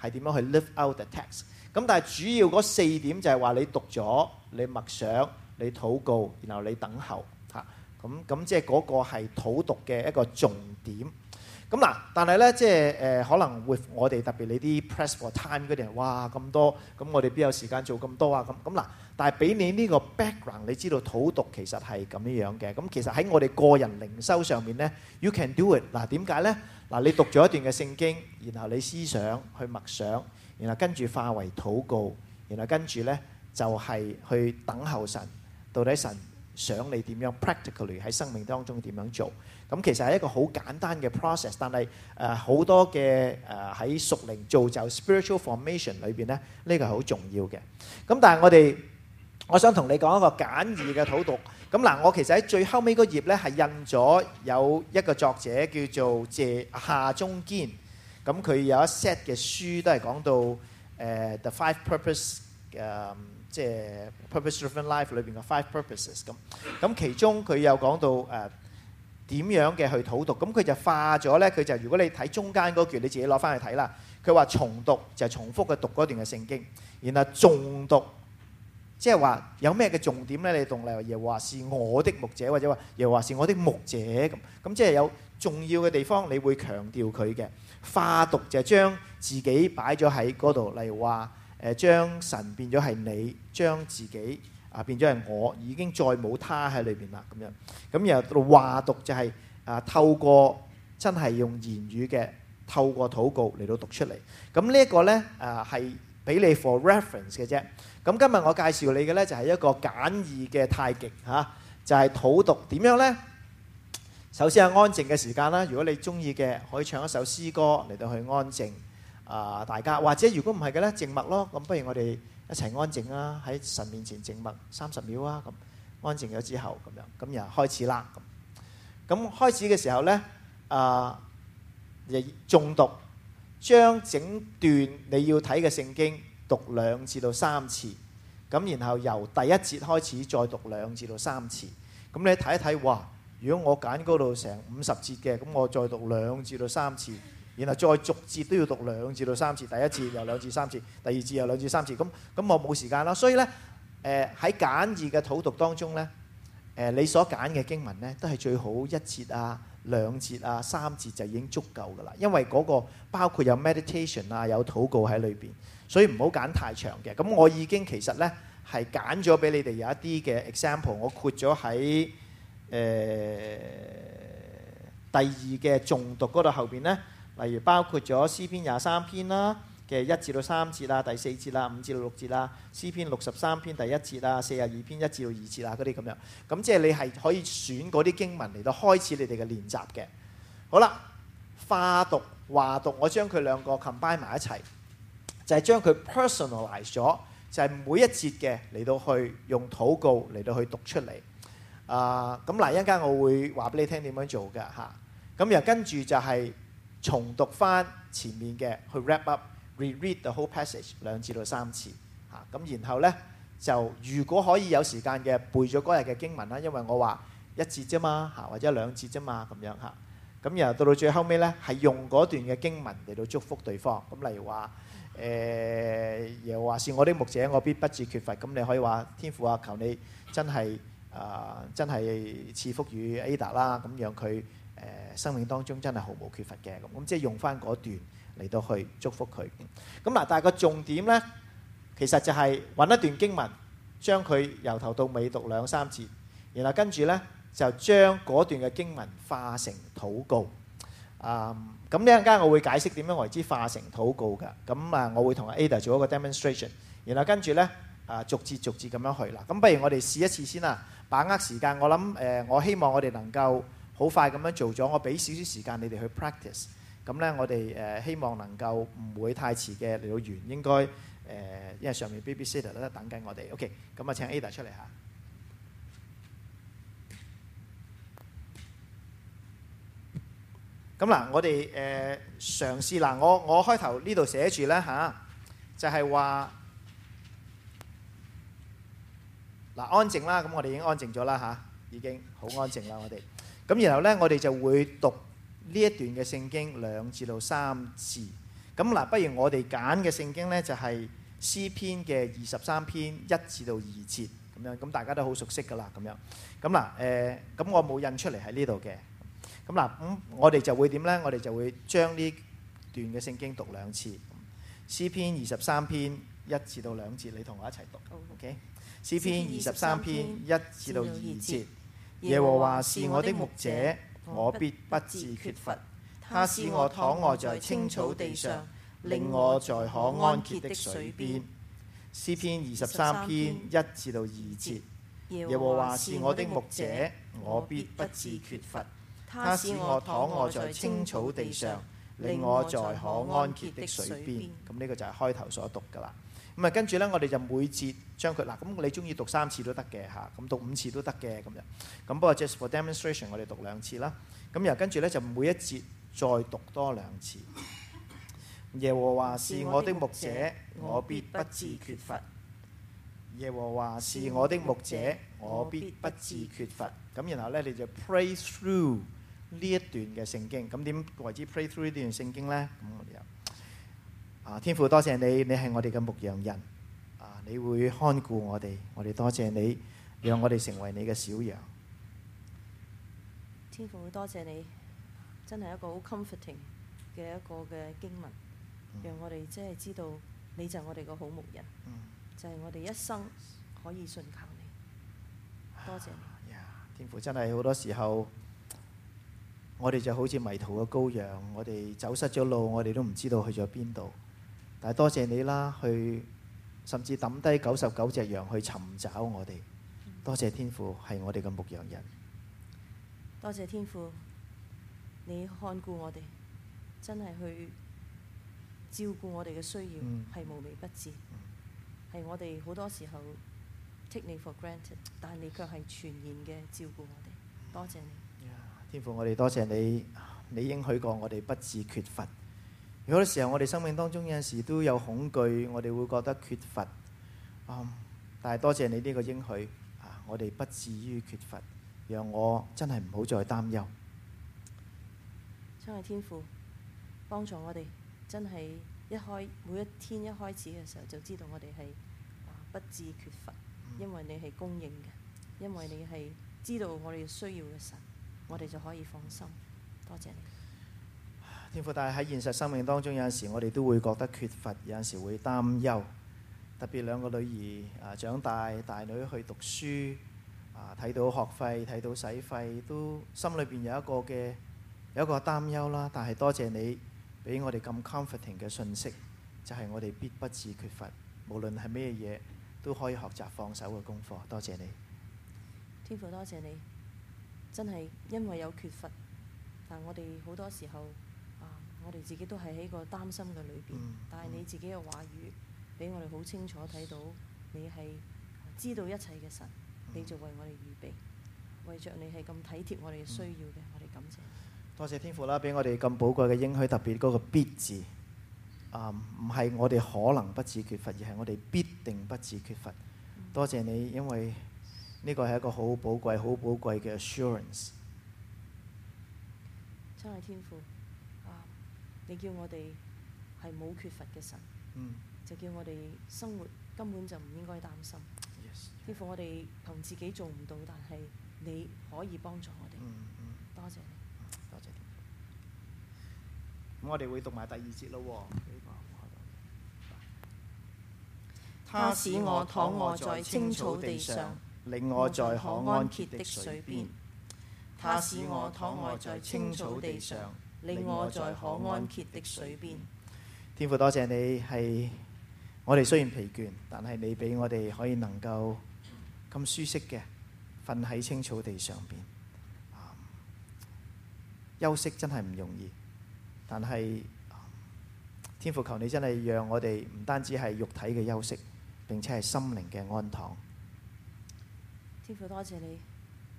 係點樣去 live out the text？咁但係主要嗰四點就係話你讀咗、你默想、你禱告，然後你等候吓。咁咁即係嗰個係討讀嘅一個重點。咁嗱，但係咧即係誒可能 with 我哋特別你啲 press for time 嗰啲人，哇咁多，咁我哋邊有時間做咁多啊？咁咁嗱，但係俾你呢個 background，你知道討讀其實係咁樣嘅。咁其實喺我哋個人靈修上面咧，you can do it。嗱點解咧？嗱，你讀咗一段嘅聖經，然後你思想去默想，然後跟住化為禱告，然後跟住呢就係去等候神，到底神想你點樣？practically 喺生命當中點樣做？咁其實係一個好簡單嘅 process，但係誒好多嘅誒喺屬靈造就 spiritual formation 裏邊呢，呢個係好重要嘅。咁但係我哋我想同你講一個簡易嘅禱讀。咁嗱，我其實喺最後尾嗰頁咧係印咗有一個作者叫做謝夏中堅。咁佢有一 set 嘅書都係講到誒、呃、The Five Purposes 即係 Purpose Driven Life 裏邊嘅 Five Purposes。咁咁其中佢有講到誒點、呃、樣嘅去討讀。咁佢就化咗咧，佢就如果你睇中間嗰段，你自己攞翻去睇啦。佢話重讀就係、是、重複嘅讀嗰段嘅聖經，然後重讀。即係話有咩嘅重點咧？你同例如話是我的牧者，或者話又話是我的牧者咁。咁即係有重要嘅地方，你會強調佢嘅。化讀就係將自己擺咗喺嗰度，例如話誒將神變咗係你，將自己啊變咗係我，已經再冇他喺裏邊啦咁樣。咁然後到話讀就係、是、啊透過真係用言語嘅，透過禱告嚟到讀出嚟。咁呢一個咧誒係俾你 for reference 嘅啫。咁今日我介紹你嘅呢就係一個簡易嘅太極吓，就係禱讀。點樣呢？首先係安靜嘅時間啦，如果你中意嘅可以唱一首詩歌嚟到去安靜啊！大家或者如果唔係嘅呢靜默咯，咁不如我哋一齊安靜啦，喺神面前靜默三十秒啊！咁安靜咗之後咁樣，咁又開始啦咁。咁開始嘅時候呢啊，亦誦讀將整段你要睇嘅聖經。讀兩次到三次，咁然後由第一節開始再讀兩次到三次。咁你睇一睇，哇！如果我揀嗰度成五十節嘅，咁我再讀兩次到三次，然後再逐節都要讀兩次到三次。第一節又兩至三次，第二節又兩至三次，咁咁我冇時間啦。所以呢，誒喺簡易嘅禱讀當中呢，誒、呃、你所揀嘅經文呢，都係最好一節啊、兩節啊、三節就已經足夠噶啦，因為嗰個包括有 meditation 啊、有禱告喺裏邊。所以唔好揀太長嘅，咁我已經其實呢，係揀咗俾你哋有一啲嘅 example，我括咗喺誒第二嘅重讀嗰度後邊呢，例如包括咗詩篇廿三篇啦嘅一至到三節啦、第四節啦、五至到六節啦、詩篇六十三篇第一節啦、四十二篇一至到二節啦嗰啲咁樣。咁即係你係可以選嗰啲經文嚟到開始你哋嘅練習嘅。好啦，化讀話讀，我將佢兩個 combine 埋一齊。就係將佢 personalize 咗，就係每一節嘅嚟到去用禱告嚟到去讀出嚟啊。咁嗱，一陣間我會話俾你聽點樣做嘅嚇。咁然後跟住就係重讀翻前面嘅去 wrap up，re-read the whole passage 兩至到三次嚇。咁然後咧就如果可以有時間嘅背咗嗰日嘅經文啦，因為我話一節啫嘛嚇，或者兩節啫嘛咁樣嚇。咁然後到到最後尾咧係用嗰段嘅經文嚟到祝福對方咁，例如話。誒又話是我的牧者，我必不致缺乏。咁你可以話天父啊，求你真係啊，真係賜福予 Ada 啦，咁讓佢誒生命當中真係毫無缺乏嘅。咁即係用返嗰段嚟到去祝福佢。咁嗱，但係個重點咧，其實就係揾一段經文，將佢由頭到尾讀兩三次，然後跟住咧就將嗰段嘅經文化成禱告。啊，咁呢陣間我會解釋點樣為之化成禱告㗎，咁啊，我會同 Ada 做一個 demonstration，然後跟住咧啊，逐節逐節咁樣去啦。咁不如我哋試一次先啦，把握時間。我諗誒，我希望我哋能夠好快咁樣做咗，我俾少少時間你哋去 practice。咁咧，我哋誒希望能夠唔會太遲嘅嚟到完，應該誒，因為上面 BB Center 都等緊我哋。OK，咁啊，請 Ada 出嚟吓。咁嗱，我哋誒嘗試嗱，我我開頭呢度寫住咧吓，就係話嗱安靜啦，咁我哋已經安靜咗啦吓，已經好安靜啦我哋。咁然後咧，我哋就會讀呢一段嘅聖經兩至到三次。咁嗱，不如我哋揀嘅聖經咧就係詩篇嘅二十三篇一至到二節咁樣，咁大家都好熟悉㗎喇咁樣。咁嗱，誒，咁我冇印出嚟喺呢度嘅。咁、嗯、嗱，咁我哋就會點呢？我哋就會將呢段嘅聖經讀兩次。詩篇二十三篇一至到兩節，你同我一齊讀。O.K. 詩篇二十三篇一至到二節，耶和華是我的牧者，我必不致缺乏。他使我躺臥在青草地上，領我在可安歇的水邊。詩篇二十三篇一至到二節，耶和華是我的牧者，我必不致缺乏。他使我躺臥在青草地上，令我在可安歇的水邊。咁呢個就係開頭所讀噶啦。咁啊，跟住咧，我哋就每節將佢，嗱，咁你中意讀三次都得嘅吓，咁讀五次都得嘅咁樣。咁不過 just for demonstration，我哋讀兩次啦。咁然後跟住咧，就每一節再讀多兩次。耶和華是我的牧者，我必不致缺乏。耶和華是我的牧者，我必不致缺乏。咁然後咧，你就 pray through。呢一段嘅聖經，咁點為之 pray through 呢段聖經咧？咁我哋又啊，天父多謝你，你係我哋嘅牧羊人，啊，你會看顧我哋，我哋多謝你，讓我哋成為你嘅小羊。天父多謝你，真係一個好 comforting 嘅一個嘅經文，讓我哋即係知道，你就係我哋個好牧人，就係我哋一生可以信靠你。多謝你，天父真係好多時候。我哋就好似迷途嘅羔羊，我哋走失咗路，我哋都唔知道去咗邊度。但係多謝你啦，去，甚至抌低九十九隻羊去尋找我哋。多謝天父，係我哋嘅牧羊人。多謝天父，你看顧我哋，真係去照顧我哋嘅需要，係、嗯、無微不至，係、嗯、我哋好多時候 take 你 for granted，但係你卻係全然嘅照顧我哋。多謝你。天父，我哋多謝你，你應許過我哋不致缺乏。如果時候，我哋生命當中有陣時都有恐懼，我哋會覺得缺乏。嗯、但係多謝你呢個應許，我哋不至於缺乏，讓我真係唔好再擔憂。真係天父，幫助我哋真係一開每一天一開始嘅時候就知道我哋係不致缺乏，因為你係供應嘅，因為你係知道我哋需要嘅神。我哋就可以放心。多謝你，天父。但係喺現實生命當中，有陣時我哋都會覺得缺乏，有陣時會擔憂。特別兩個女兒啊，長大，大女去讀書啊，睇到學費，睇到使費，都心裏邊有一個嘅有一個擔憂啦。但係多謝你俾我哋咁 comforting 嘅信息，就係、是、我哋必不致缺乏，無論係咩嘢都可以學習放手嘅功課。多謝你，天父。多謝你。真係因為有缺乏，但我哋好多時候啊，我哋自己都係喺個擔心嘅裏邊、嗯。但係你自己嘅話語俾、嗯、我哋好清楚睇到，你係知道一切嘅神、嗯，你就為我哋預備，為着你係咁體貼我哋嘅需要嘅、嗯，我哋感謝你。多謝天父啦，俾我哋咁寶貴嘅應許，特別嗰個必字啊，唔、呃、係我哋可能不至缺乏，而係我哋必定不至缺乏、嗯。多謝你，因為。呢個係一個好寶貴、好寶貴嘅 assurance，真係天父，你叫我哋係冇缺乏嘅神、嗯，就叫我哋生活根本就唔應該擔心。Yes, 天父，我哋憑自己做唔到，但係你可以幫助我哋、嗯嗯。多謝你，多謝天父。咁、嗯、我哋會讀埋第二節咯，這個。他使我，他使我躺臥在青草地上。令我在可安歇的水邊，他使我躺臥在青草地上。令我在可安歇的水邊，天父多謝你係，我哋雖然疲倦，但係你俾我哋可以能夠咁舒適嘅瞓喺青草地上邊、嗯、休息，真係唔容易。但係天父求你真係讓我哋唔單止係肉體嘅休息，並且係心靈嘅安躺。天父多謝你，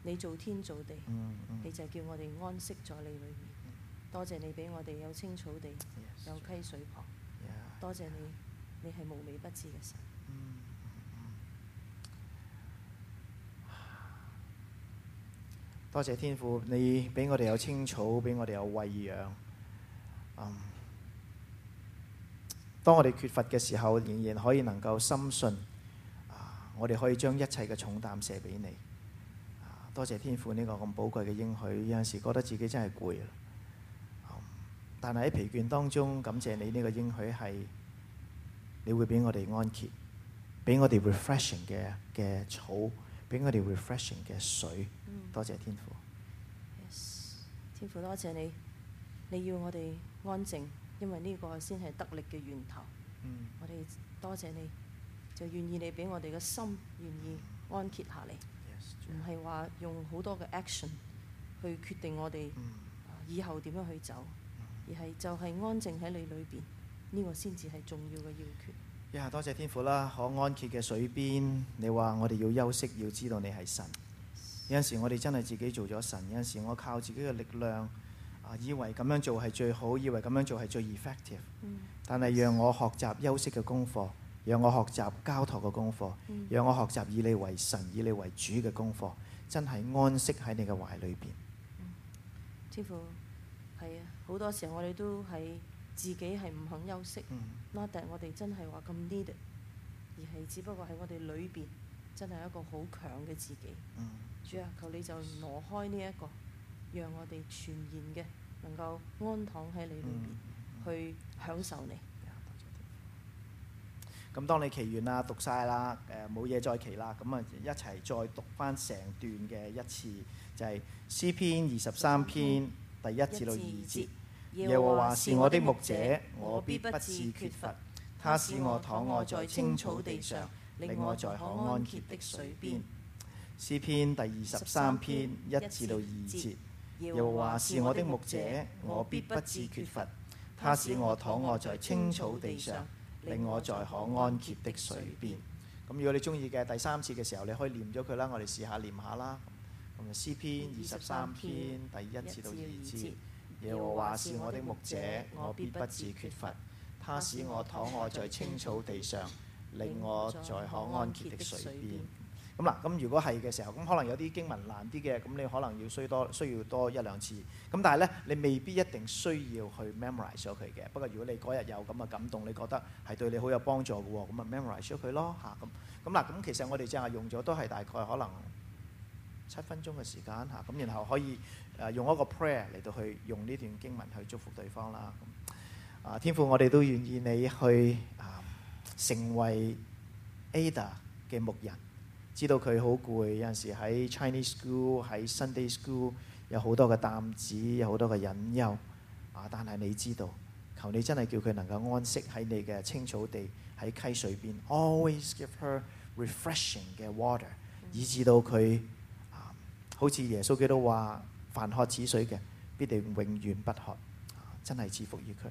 你做天做地，嗯嗯、你就叫我哋安息喺你裏面。嗯、多謝你俾我哋有青草地、嗯，有溪水旁。嗯、多謝你，你係無微不至嘅神，嗯嗯嗯。多謝天父，你俾我哋有青草，俾我哋有餵養。Um, 當我哋缺乏嘅時候，仍然可以能夠深信。我哋可以將一切嘅重擔卸俾你，多謝天父呢個咁寶貴嘅應許。有陣時覺得自己真係攰、嗯，但係喺疲倦當中，感謝你呢個應許係，你會俾我哋安歇，俾我哋 refreshing 嘅嘅草，俾我哋 refreshing 嘅水、嗯。多謝天父，Yes. 天父多謝你，你要我哋安靜，因為呢個先係得力嘅源頭。嗯、我哋多謝你。就願意你俾我哋嘅心願意安歇下嚟，唔係話用好多嘅 action 去決定我哋以後點樣去走，mm. 而係就係安靜喺你裏邊，呢、這個先至係重要嘅要訣。下、yeah, 多謝天父啦！可安歇嘅水邊，你話我哋要休息，要知道你係神。有陣時我哋真係自己做咗神，有陣時我靠自己嘅力量啊，以為咁樣做係最好，以為咁樣做係最 effective、mm。但係讓我學習休息嘅功課。讓我學習交託嘅功課、嗯，讓我學習以你為神、以你為主嘅功課，真係安息喺你嘅懷裏邊、嗯。天父係好多時候我哋都係自己係唔肯休息，not that 我哋真係話咁 needed 而係只不過喺我哋裏邊真係一個好強嘅自己。嗯、主啊，求你就挪開呢、這、一個，讓我哋全然嘅能夠安躺喺你裏邊、嗯，去享受你。咁當你期完啦，讀晒啦，誒冇嘢再期啦，咁、嗯、啊一齊再讀翻成段嘅一次，就係、是、詩篇二十三篇第一至到二節，耶和華是我的牧者，我必不至缺乏。他使我躺臥在青草地上，令我在可安歇的水邊。詩篇第二十三篇一至到二節，耶和華是我的牧者，我必不至缺乏。他使我躺臥在青草地上。令我在可安歇的水邊。咁如果你中意嘅第三次嘅時候，你可以念咗佢啦。我哋試下念下啦。咁詩篇二十三篇第一次到二次：次二次「耶和話：耶和華是我的牧者，者，我必不致缺乏。他使我躺臥在青草地上，令我在可安歇的水邊。咁啦，咁如果係嘅時候，咁可能有啲經文難啲嘅，咁你可能要需多需要多一兩次。咁但係咧，你未必一定需要去 memorize 咗佢嘅。不過如果你嗰日有咁嘅感動，你覺得係對你好有幫助嘅喎，咁咪 memorize 咗佢咯嚇咁。咁嗱，咁其實我哋淨係用咗都係大概可能七分鐘嘅時間嚇咁，然後可以誒用一個 prayer 嚟到去用呢段經文去祝福對方啦。啊，天父，我哋都願意你去啊成為 Ada 嘅牧人。知道佢好攰，有陣時喺 Chinese School、喺 Sunday School 有好多嘅擔子，有好多嘅隱憂啊！但係你知道，求你真係叫佢能夠安息喺你嘅青草地，喺溪水邊，always give her refreshing 嘅 water、嗯、以致到佢、啊、好似耶穌基督話：凡喝此水嘅，必定永遠不渴。啊、真係賜福於佢。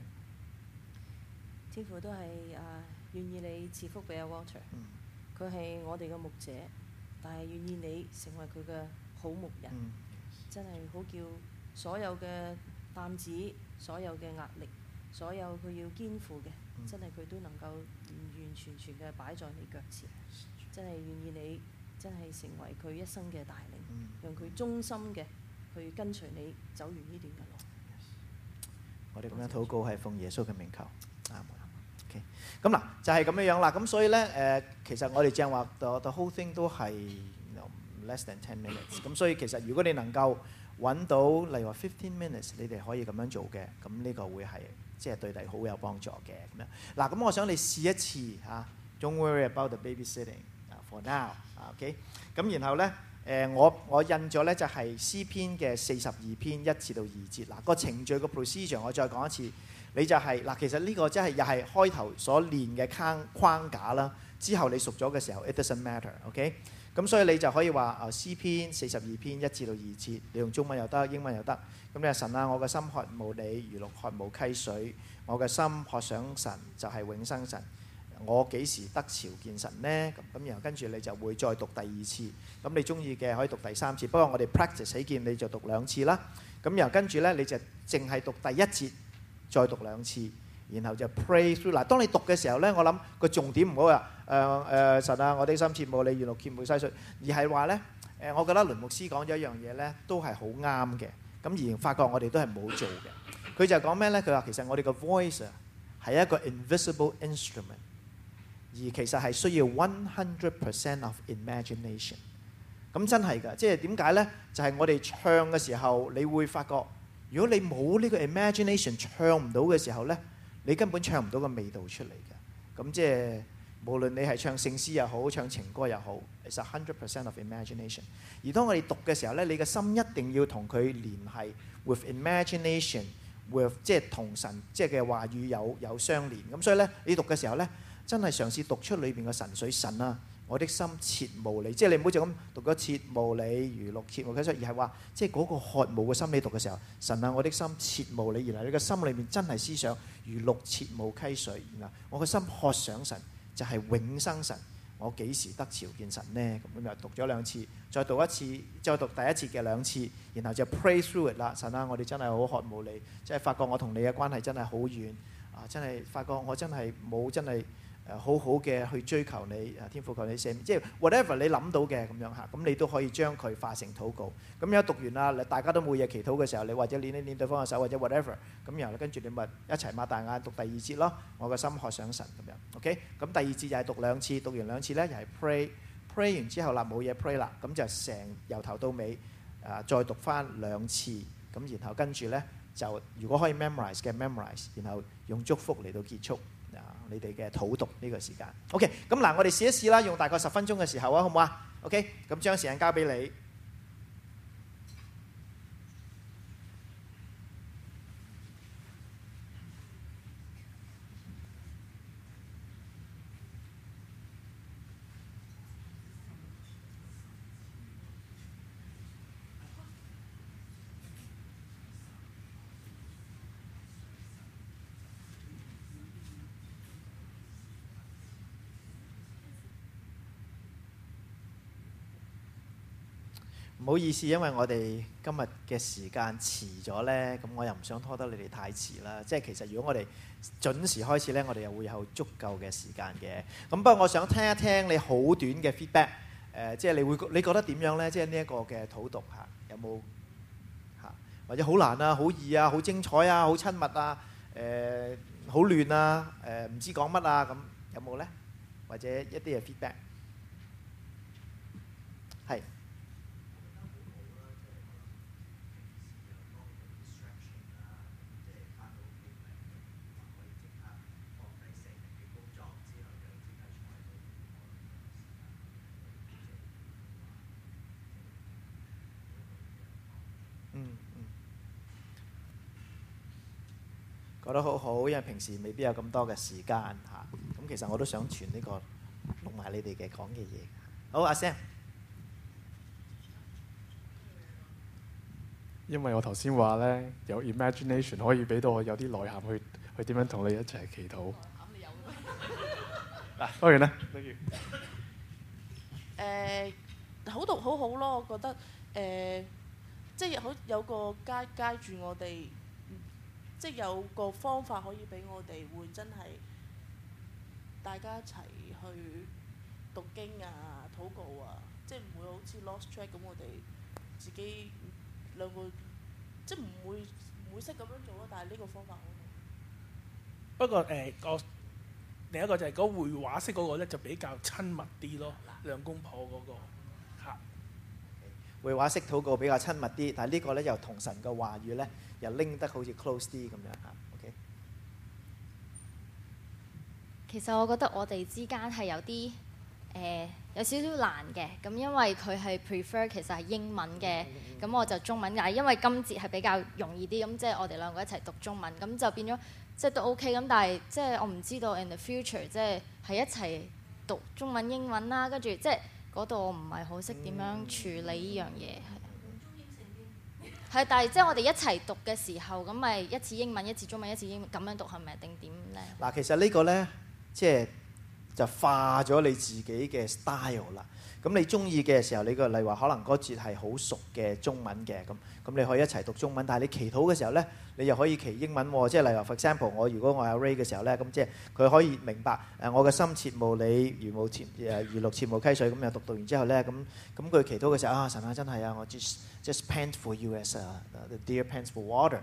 似乎都係啊，uh, 願意你賜福俾阿 Walter。嗯佢係我哋嘅牧者，但係願意你成為佢嘅好牧人，嗯、真係好叫所有嘅擔子、所有嘅壓力、所有佢要肩負嘅、嗯，真係佢都能夠完完全全嘅擺在你腳前，嗯、真係願意你真係成為佢一生嘅帶領，讓、嗯、佢忠心嘅去跟隨你走完呢段嘅路。嗯、我哋咁樣禱告係奉耶穌嘅名求。咁嗱，就係咁樣樣啦。咁所以呢，誒、呃，其實我哋正話 the the whole thing 都係 you know, less than ten minutes。咁 所以其實如果你能夠揾到例如話 fifteen minutes，你哋可以咁樣做嘅。咁呢個會係即係對你好有幫助嘅咁樣。嗱，咁我想你試一次嚇，啊。Don't worry about the babysitting for now, OK。咁然後呢，誒、呃，我我印咗呢就係、是、詩篇嘅四十二篇一節到二節。嗱，那，個程序個 procedure 我再講一次。你就係嗱，其實呢個即係又係開頭所練嘅框框架啦。之後你熟咗嘅時候，it doesn't matter，OK。咁所以你就可以話啊，《詩篇》四十二篇一節到二節，你用中文又得，英文又得。咁你話神啊，我嘅心渴慕你，如鹿渴慕溪水，我嘅心渴想神就係永生神。我幾時得朝見神呢？咁咁然後跟住你就會再讀第二次。咁你中意嘅可以讀第三次，不過我哋 practice 起見你就讀兩次啦。咁然後跟住咧你就淨係讀第一節。再讀兩次，然後就 pray through。嗱，當你讀嘅時候呢，我諗個重點唔好話誒誒，神啊，我啲心切慕你，原來切慕西術，而係話呢，誒，我覺得倫牧師講咗一樣嘢呢，都係好啱嘅。咁而發覺我哋都係冇做嘅。佢就係講咩呢？佢話其實我哋個 voice 啊係一個 invisible instrument，而其實係需要 one hundred percent of imagination。咁真係㗎，即係點解呢？就係我哋唱嘅時候，你會發覺。如果你冇呢個 imagination，唱唔到嘅時候呢，你根本唱唔到個味道出嚟嘅。咁即係無論你係唱聖詩又好，唱情歌又好，it's a hundred percent of imagination。而當我哋讀嘅時候呢，你嘅心一定要同佢聯繫，with imagination，with 即係同神即係嘅話語有有相連。咁所以呢，你讀嘅時候呢，真係嘗試讀出裏面嘅神髓，神啊！我的心切慕你，即係你唔好就咁讀咗切慕你如鹿切慕溪水，而係話，即係嗰個渴慕嘅心理讀嘅時候，神啊，我的心切慕你，然後你嘅心裏面真係思想如鹿切慕溪水，然後我嘅心渴想神就係、是、永生神，我幾時得朝見神呢？咁樣讀咗兩次，再讀一次，再讀第一次嘅兩次，然後就 pray through it 啦。神啊，我哋真係好渴慕你，即係發覺我同你嘅關係真係好遠，啊，真係發覺我真係冇真係。.誒，好好嘅去追求你，誒天父求你赦免，即係 whatever 你諗到嘅咁樣嚇，咁你都可以將佢化成禱告。咁樣讀完啦，大家都冇嘢祈禱嘅時候，你或者捻一捻對方嘅手，或者 whatever，咁然後跟住你咪一齊擘大眼讀第二節咯。我個心渴想神咁樣，OK？咁第二節就係讀兩次，讀完兩次咧又係 pray，pray 完之後啦，冇嘢 pray 啦，咁就成由頭到尾誒再讀翻兩次，咁然後跟住咧就如果可以 memorise 嘅 memorise，然後用祝福嚟到結束。你哋嘅討讀呢個時間，OK，咁嗱，我哋試一試啦，用大概十分鐘嘅時候啊，好唔好啊？OK，咁將時間交俾你。唔好意思，因為我哋今日嘅時間遲咗呢，咁我又唔想拖得你哋太遲啦。即係其實如果我哋準時開始呢，我哋又會有足夠嘅時間嘅。咁不過我想聽一聽你好短嘅 feedback，誒，即係你會你覺得點樣呢？即係呢一個嘅討讀吓，有冇吓或者好難啊、好易啊、好精彩啊、好親密啊、誒好亂啊、誒唔知講乜啊，咁有冇呢？或者一啲嘅 feedback。覺得好好，因為平時未必有咁多嘅時間吓。咁其實我都想傳呢、這個，錄埋你哋嘅講嘅嘢。好，阿 Sam，因為我頭先話呢，有 imagination 可以俾到我有啲內涵去去點樣同你一齊祈禱。嗱、嗯，當然啦，不 如，uh, 好讀好好咯，我覺得，誒、uh，即係好有個街階住我哋。即有個方法可以俾我哋，會真係大家一齊去讀經啊、禱告啊，即唔會好似 lost track 咁，我哋自己兩個即唔會唔會識咁樣做咯。但係呢個方法好好。不過誒、呃，我另一個就係講會話式嗰個咧，就比較親密啲咯，兩公婆嗰個。會話式禱告比較親密啲，但係呢個咧又同神嘅話語咧又拎得好似 close 啲咁樣吓。OK，其實我覺得我哋之間係有啲誒、呃、有少少難嘅，咁因為佢係 prefer 其實係英文嘅，咁我就中文解，因為今節係比較容易啲，咁即係我哋兩個一齊讀中文，咁就變咗即係都 OK，咁但係即係我唔知道 in the future 即係係一齊讀中文、英文啦，跟住即係。嗰度我唔係好識點樣處理呢樣嘢，係、嗯，但係即係我哋一齊讀嘅時候，咁咪一次英文、一次中文、一次英文，咁樣讀係咪定點咧？嗱，其實這個呢個咧，即係就化咗你自己嘅 style 啦。咁你鍾意嘅時候，你個例如話可能嗰節係好熟嘅中文嘅咁，咁你可以一齊讀中文。但係你祈禱嘅時候咧，你又可以祈英文喎、哦。即係例如話，for example，我如果我有 Ray 嘅時候咧，咁即係佢可以明白誒，我嘅心切慕你如無切誒如鹿切慕溪水。咁又讀讀完之後咧，咁咁佢祈禱嘅時候啊，神啊，真係啊，我 just just pant for you as the deer pant for water。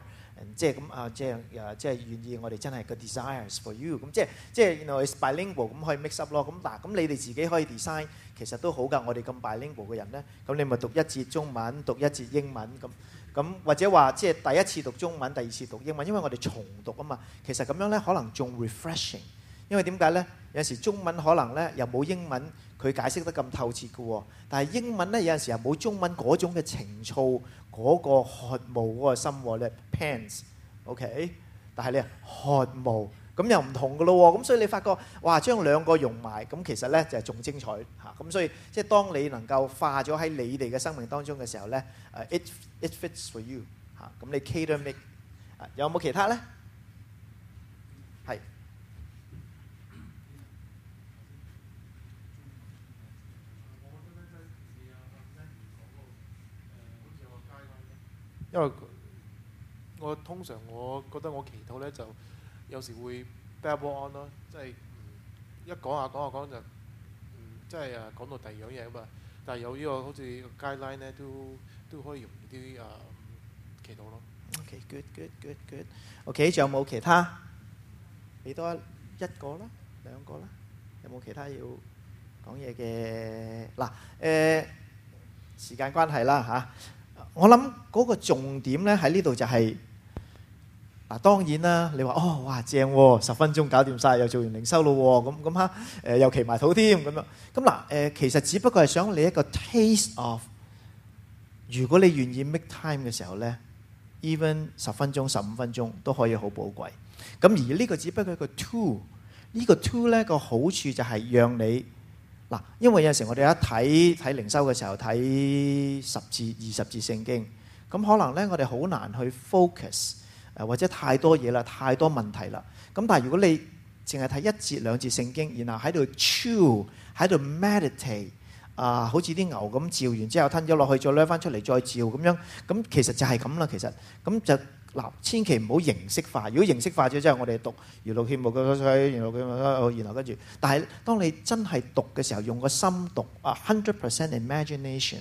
即係咁啊！即係誒，即係願意我哋真係個 desires for you。咁即係即係原來是 bilingual 咁可以 mix up 咯。咁嗱，咁你哋自己可以 design，其實都好㗎。我哋咁 bilingual 嘅人咧，咁你咪讀一節中文，讀一節英文咁。咁或者話即係第一次讀中文，第二次讀英文，因為我哋重讀啊嘛。其實咁樣咧，可能仲 refreshing。因為點解咧？有時中文可能咧又冇英文佢解釋得咁透徹㗎喎。但係英文咧有陣時又冇中文嗰種嘅情操。嗰個渴慕，嗰個心喎咧 pans，OK，但係咧渴慕咁又唔同嘅咯喎，咁所以你發覺哇，將兩個融埋，咁其實咧就係仲精彩嚇，咁所以即係當你能夠化咗喺你哋嘅生命當中嘅時候咧，誒 it it fits for you 嚇，咁你 cater make，有冇其他咧？因為我通常我覺得我祈禱咧，就有時會 babble on 咯，即係一講下講下講就，即係誒講到第二樣嘢咁啊。但係有依、這個好似 guideline 咧，都都可以容易啲誒祈禱咯。OK，good，good，good，good。OK，仲、okay，有冇其他？俾多一個啦，兩個啦。有冇其他要講嘢嘅？嗱、啊、誒、呃，時間關係啦吓。啊。我諗嗰個重點咧喺呢度就係、是、嗱，當然啦，你話哦，哇正喎、哦，十分鐘搞掂晒，又做完零收咯、哦，咁咁哈，誒又騎埋肚添咁樣咁嗱，誒其實只不過係想你一個 taste of，如果你願意 make time 嘅時候咧，even 十分鐘、十五分鐘都可以好寶貴。咁而呢個只不過一個 tool，呢個 tool 咧個好處就係讓你。啊、因為有陣時我哋一睇睇靈修嘅時候睇十字二十字聖經，咁可能咧我哋好難去 focus，呃，或者太多嘢啦，太多問題啦。咁但係如果你淨係睇一節兩節聖經，然後喺度 chew，喺度 meditate，啊，好似啲牛咁嚼完之後吞咗落去，再拉翻出嚟再嚼咁樣，咁其實就係咁啦，其實咁就。嗱，千祈唔好形式化。如果形式化咗之後，我哋讀《如鹿切慕》嗰個《如鹿切慕》啊，然後跟住。但係當你真係讀嘅時候，用個心讀啊，hundred percent imagination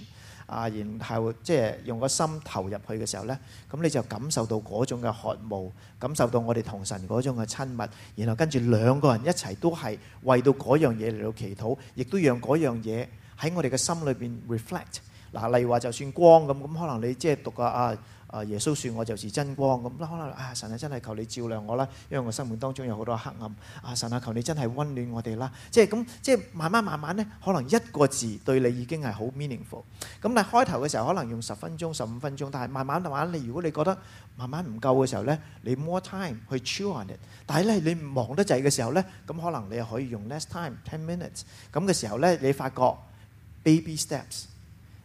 啊，然後即係用個心投入去嘅時候呢，咁你就感受到嗰種嘅渴慕，感受到我哋同神嗰種嘅親密。然後跟住兩個人一齊都係為到嗰樣嘢嚟到祈禱，亦都讓嗰樣嘢喺我哋嘅心裏邊 reflect。嗱，例如話就算光咁，咁可能你即係讀個啊。啊！耶穌説我就是真光咁啦啦啦！啊神啊真係求你照亮我啦，因為我生活當中有好多黑暗。啊神啊求你真係温暖我哋啦。即係咁，即係慢慢慢慢咧，可能一個字對你已經係好 meaningful。咁但係開頭嘅時候可能用十分鐘、十五分鐘，但係慢慢慢慢你如果你覺得慢慢唔夠嘅時候咧，你 more time 去 chew on it。但係咧你唔忙得滯嘅時候咧，咁可能你又可以用 less time ten minutes。咁嘅時候咧，你發覺 baby steps。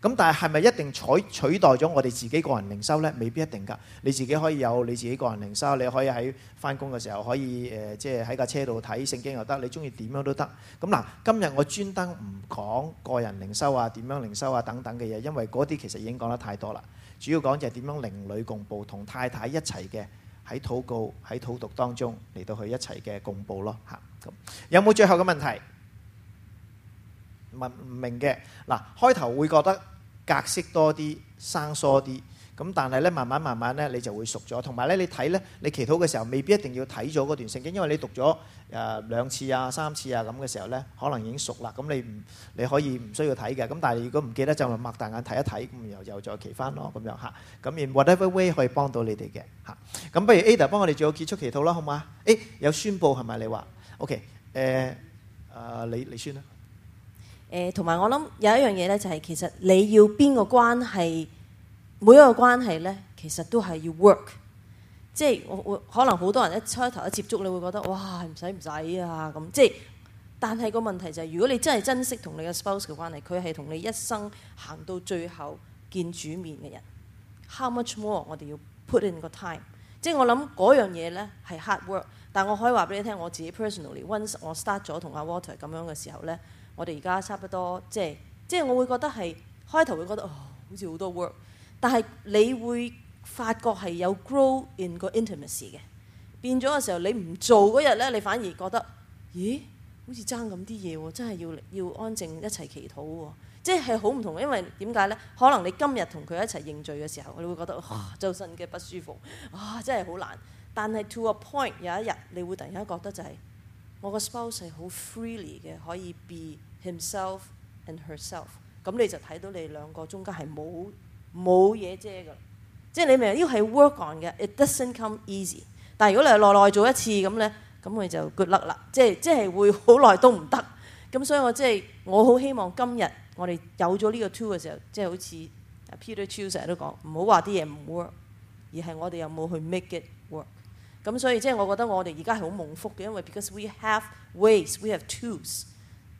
咁但係係咪一定取取代咗我哋自己個人靈修呢？未必一定㗎。你自己可以有你自己個人靈修，你可以喺返工嘅時候可以誒，即係喺架車度睇聖經又得，你鍾意點樣都得。咁、嗯、嗱，今日我專登唔講個人靈修啊、點樣靈修啊等等嘅嘢，因為嗰啲其實已經講得太多啦。主要講就係點樣靈女共報，同太太一齊嘅喺禱告、喺禱讀當中嚟到去一齊嘅共報咯嚇。咁、嗯、有冇最後嘅問題？唔明嘅嗱，開頭會覺得格式多啲、生疏啲，咁但係咧慢慢慢慢咧，你就會熟咗。同埋咧，你睇咧，你祈禱嘅時候未必一定要睇咗嗰段聖經，因為你讀咗誒兩次啊、三次啊咁嘅時候咧，可能已經熟啦。咁你唔你可以唔需要睇嘅。咁但係如果唔記得就擘大眼睇一睇，咁然後又再祈翻咯，咁樣嚇。咁而 whatever way 可以幫到你哋嘅嚇。咁不如 Ada 幫我哋做個結束祈禱啦，好嘛？誒有宣佈係咪你話？OK，誒啊，你你宣啦。誒同埋我諗有一樣嘢咧，就係其實你要邊個關係，每一個關係咧，其實都係要 work。即係我我可能好多人一開頭一接觸你會覺得哇，唔使唔使啊咁。即係但係個問題就係、是，如果你真係珍惜同你嘅 spouse 嘅關係，佢係同你一生行到最後見主面嘅人。How much more 我哋要 put in 個 time？即係我諗嗰樣嘢咧係 hard work。但我可以話俾你聽，我自己 personally，once 我 start 咗同阿 Water 咁樣嘅時候咧。我哋而家差不多即係即係，我會覺得係開頭會覺得啊、哦，好似好多 work，但係你會發覺係有 grow in 個 intimacy 嘅，變咗嘅時候你唔做嗰日呢，你反而覺得咦，好似爭咁啲嘢喎，真係要要安靜一齊祈禱喎，即係好唔同。因為點解呢？可能你今日同佢一齊認罪嘅時候，你會覺得哇，周身嘅不舒服，哇、啊，真係好難。但係 to a point 有一日，你會突然間覺得就係、是、我個 spouse 係好 freely 嘅可以 be。himself and herself，咁你就睇到你兩個中間係冇冇嘢遮噶，即係你明？呢個係 work on 嘅，it doesn't come easy。但係如果你係耐耐做一次咁呢，咁佢就 good luck 啦。即係即係會好耐都唔得。咁所以我即係我好希望今日我哋有咗呢個 tool 嘅時候，即係好似 Peter Chiu 成日都講，唔好話啲嘢唔 work，而係我哋又冇去 make it work。咁所以即係我覺得我哋而家係好蒙福嘅，因為 because we have ways，we have tools。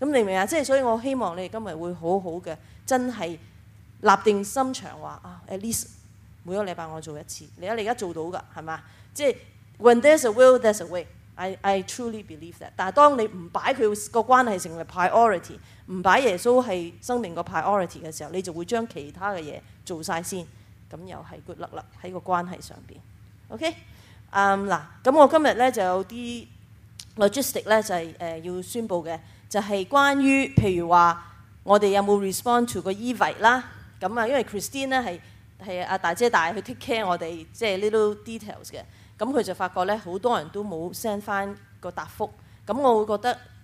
咁明唔明啊？即係所以我希望你哋今日會好好嘅，真係立定心腸話啊。At least 每個禮拜我做一次。你睇下你而家做到噶係嘛？即係 When there's a will, there's a way。I I truly believe that。但係當你唔擺佢個關係成為 priority，唔擺耶穌係生命個 priority 嘅時候，你就會將其他嘅嘢做晒先。咁又係 good luck 啦，喺個關係上邊。OK，嗯，嗱，咁我今日咧就有啲 logistic 咧就係誒要宣佈嘅。就係、是、關於譬如話，我哋有冇 respond to 個 evite 啦？咁啊，因為 Christine 咧係係阿大姐大去 take care 我哋即係 little details 嘅，咁佢就發覺咧好多人都冇 send 翻個答覆，咁我會覺得。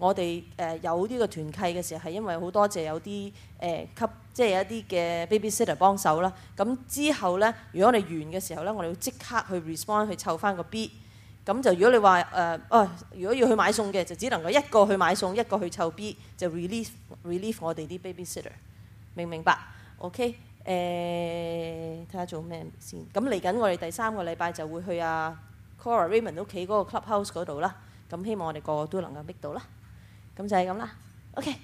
我哋誒、呃、有呢個團契嘅時候，係因為好多謝有啲誒給，即係一啲嘅 babysitter 幫手啦。咁之後呢，如果我哋完嘅時候呢，我哋要即刻去 respond 去湊翻個 B。咁就如果你話誒哦，如果要去買餸嘅，就只能夠一個去買餸，一個去湊 B，就 relieve relieve 我哋啲 babysitter。明唔明白？OK，誒睇下做咩先。咁嚟緊我哋第三個禮拜就會去啊 Cora Raymond 屋企嗰個 clubhouse 嗰度啦。咁希望我哋個個都能夠逼到啦。咁就係咁啦，OK，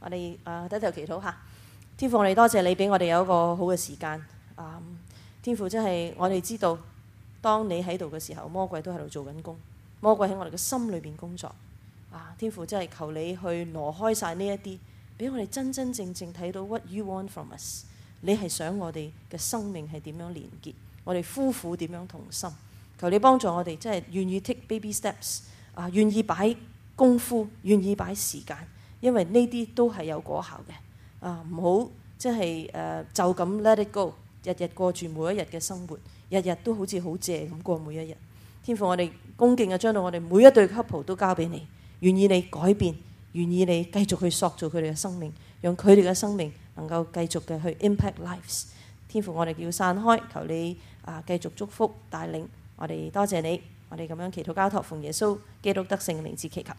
我哋啊低頭祈禱下。天父，我哋多謝你俾我哋有一個好嘅時間，啊、um,，天父真係、就是、我哋知道，當你喺度嘅時候，魔鬼都喺度做緊工，魔鬼喺我哋嘅心裏邊工作，啊、uh,，天父真係、就是、求你去挪開晒呢一啲，俾我哋真真正正睇到 What you want from us，你係想我哋嘅生命係點樣連結，我哋夫婦點樣同心，求你幫助我哋，真係願意 take baby steps，啊，願意擺。功夫願意擺時間，因為呢啲都係有果效嘅啊！唔好即係誒就咁 let it go，日日過住每一日嘅生活，日日都好似好正咁過每一日。天父，我哋恭敬嘅，將到我哋每一對 couple 都交俾你，願意你改變，願意你繼續去塑造佢哋嘅生命，讓佢哋嘅生命能夠繼續嘅去 impact lives。天父，我哋要散開，求你啊繼續祝福帶領我哋，多謝你。我哋咁樣祈禱，交託奉耶穌基督得勝嘅名字祈求。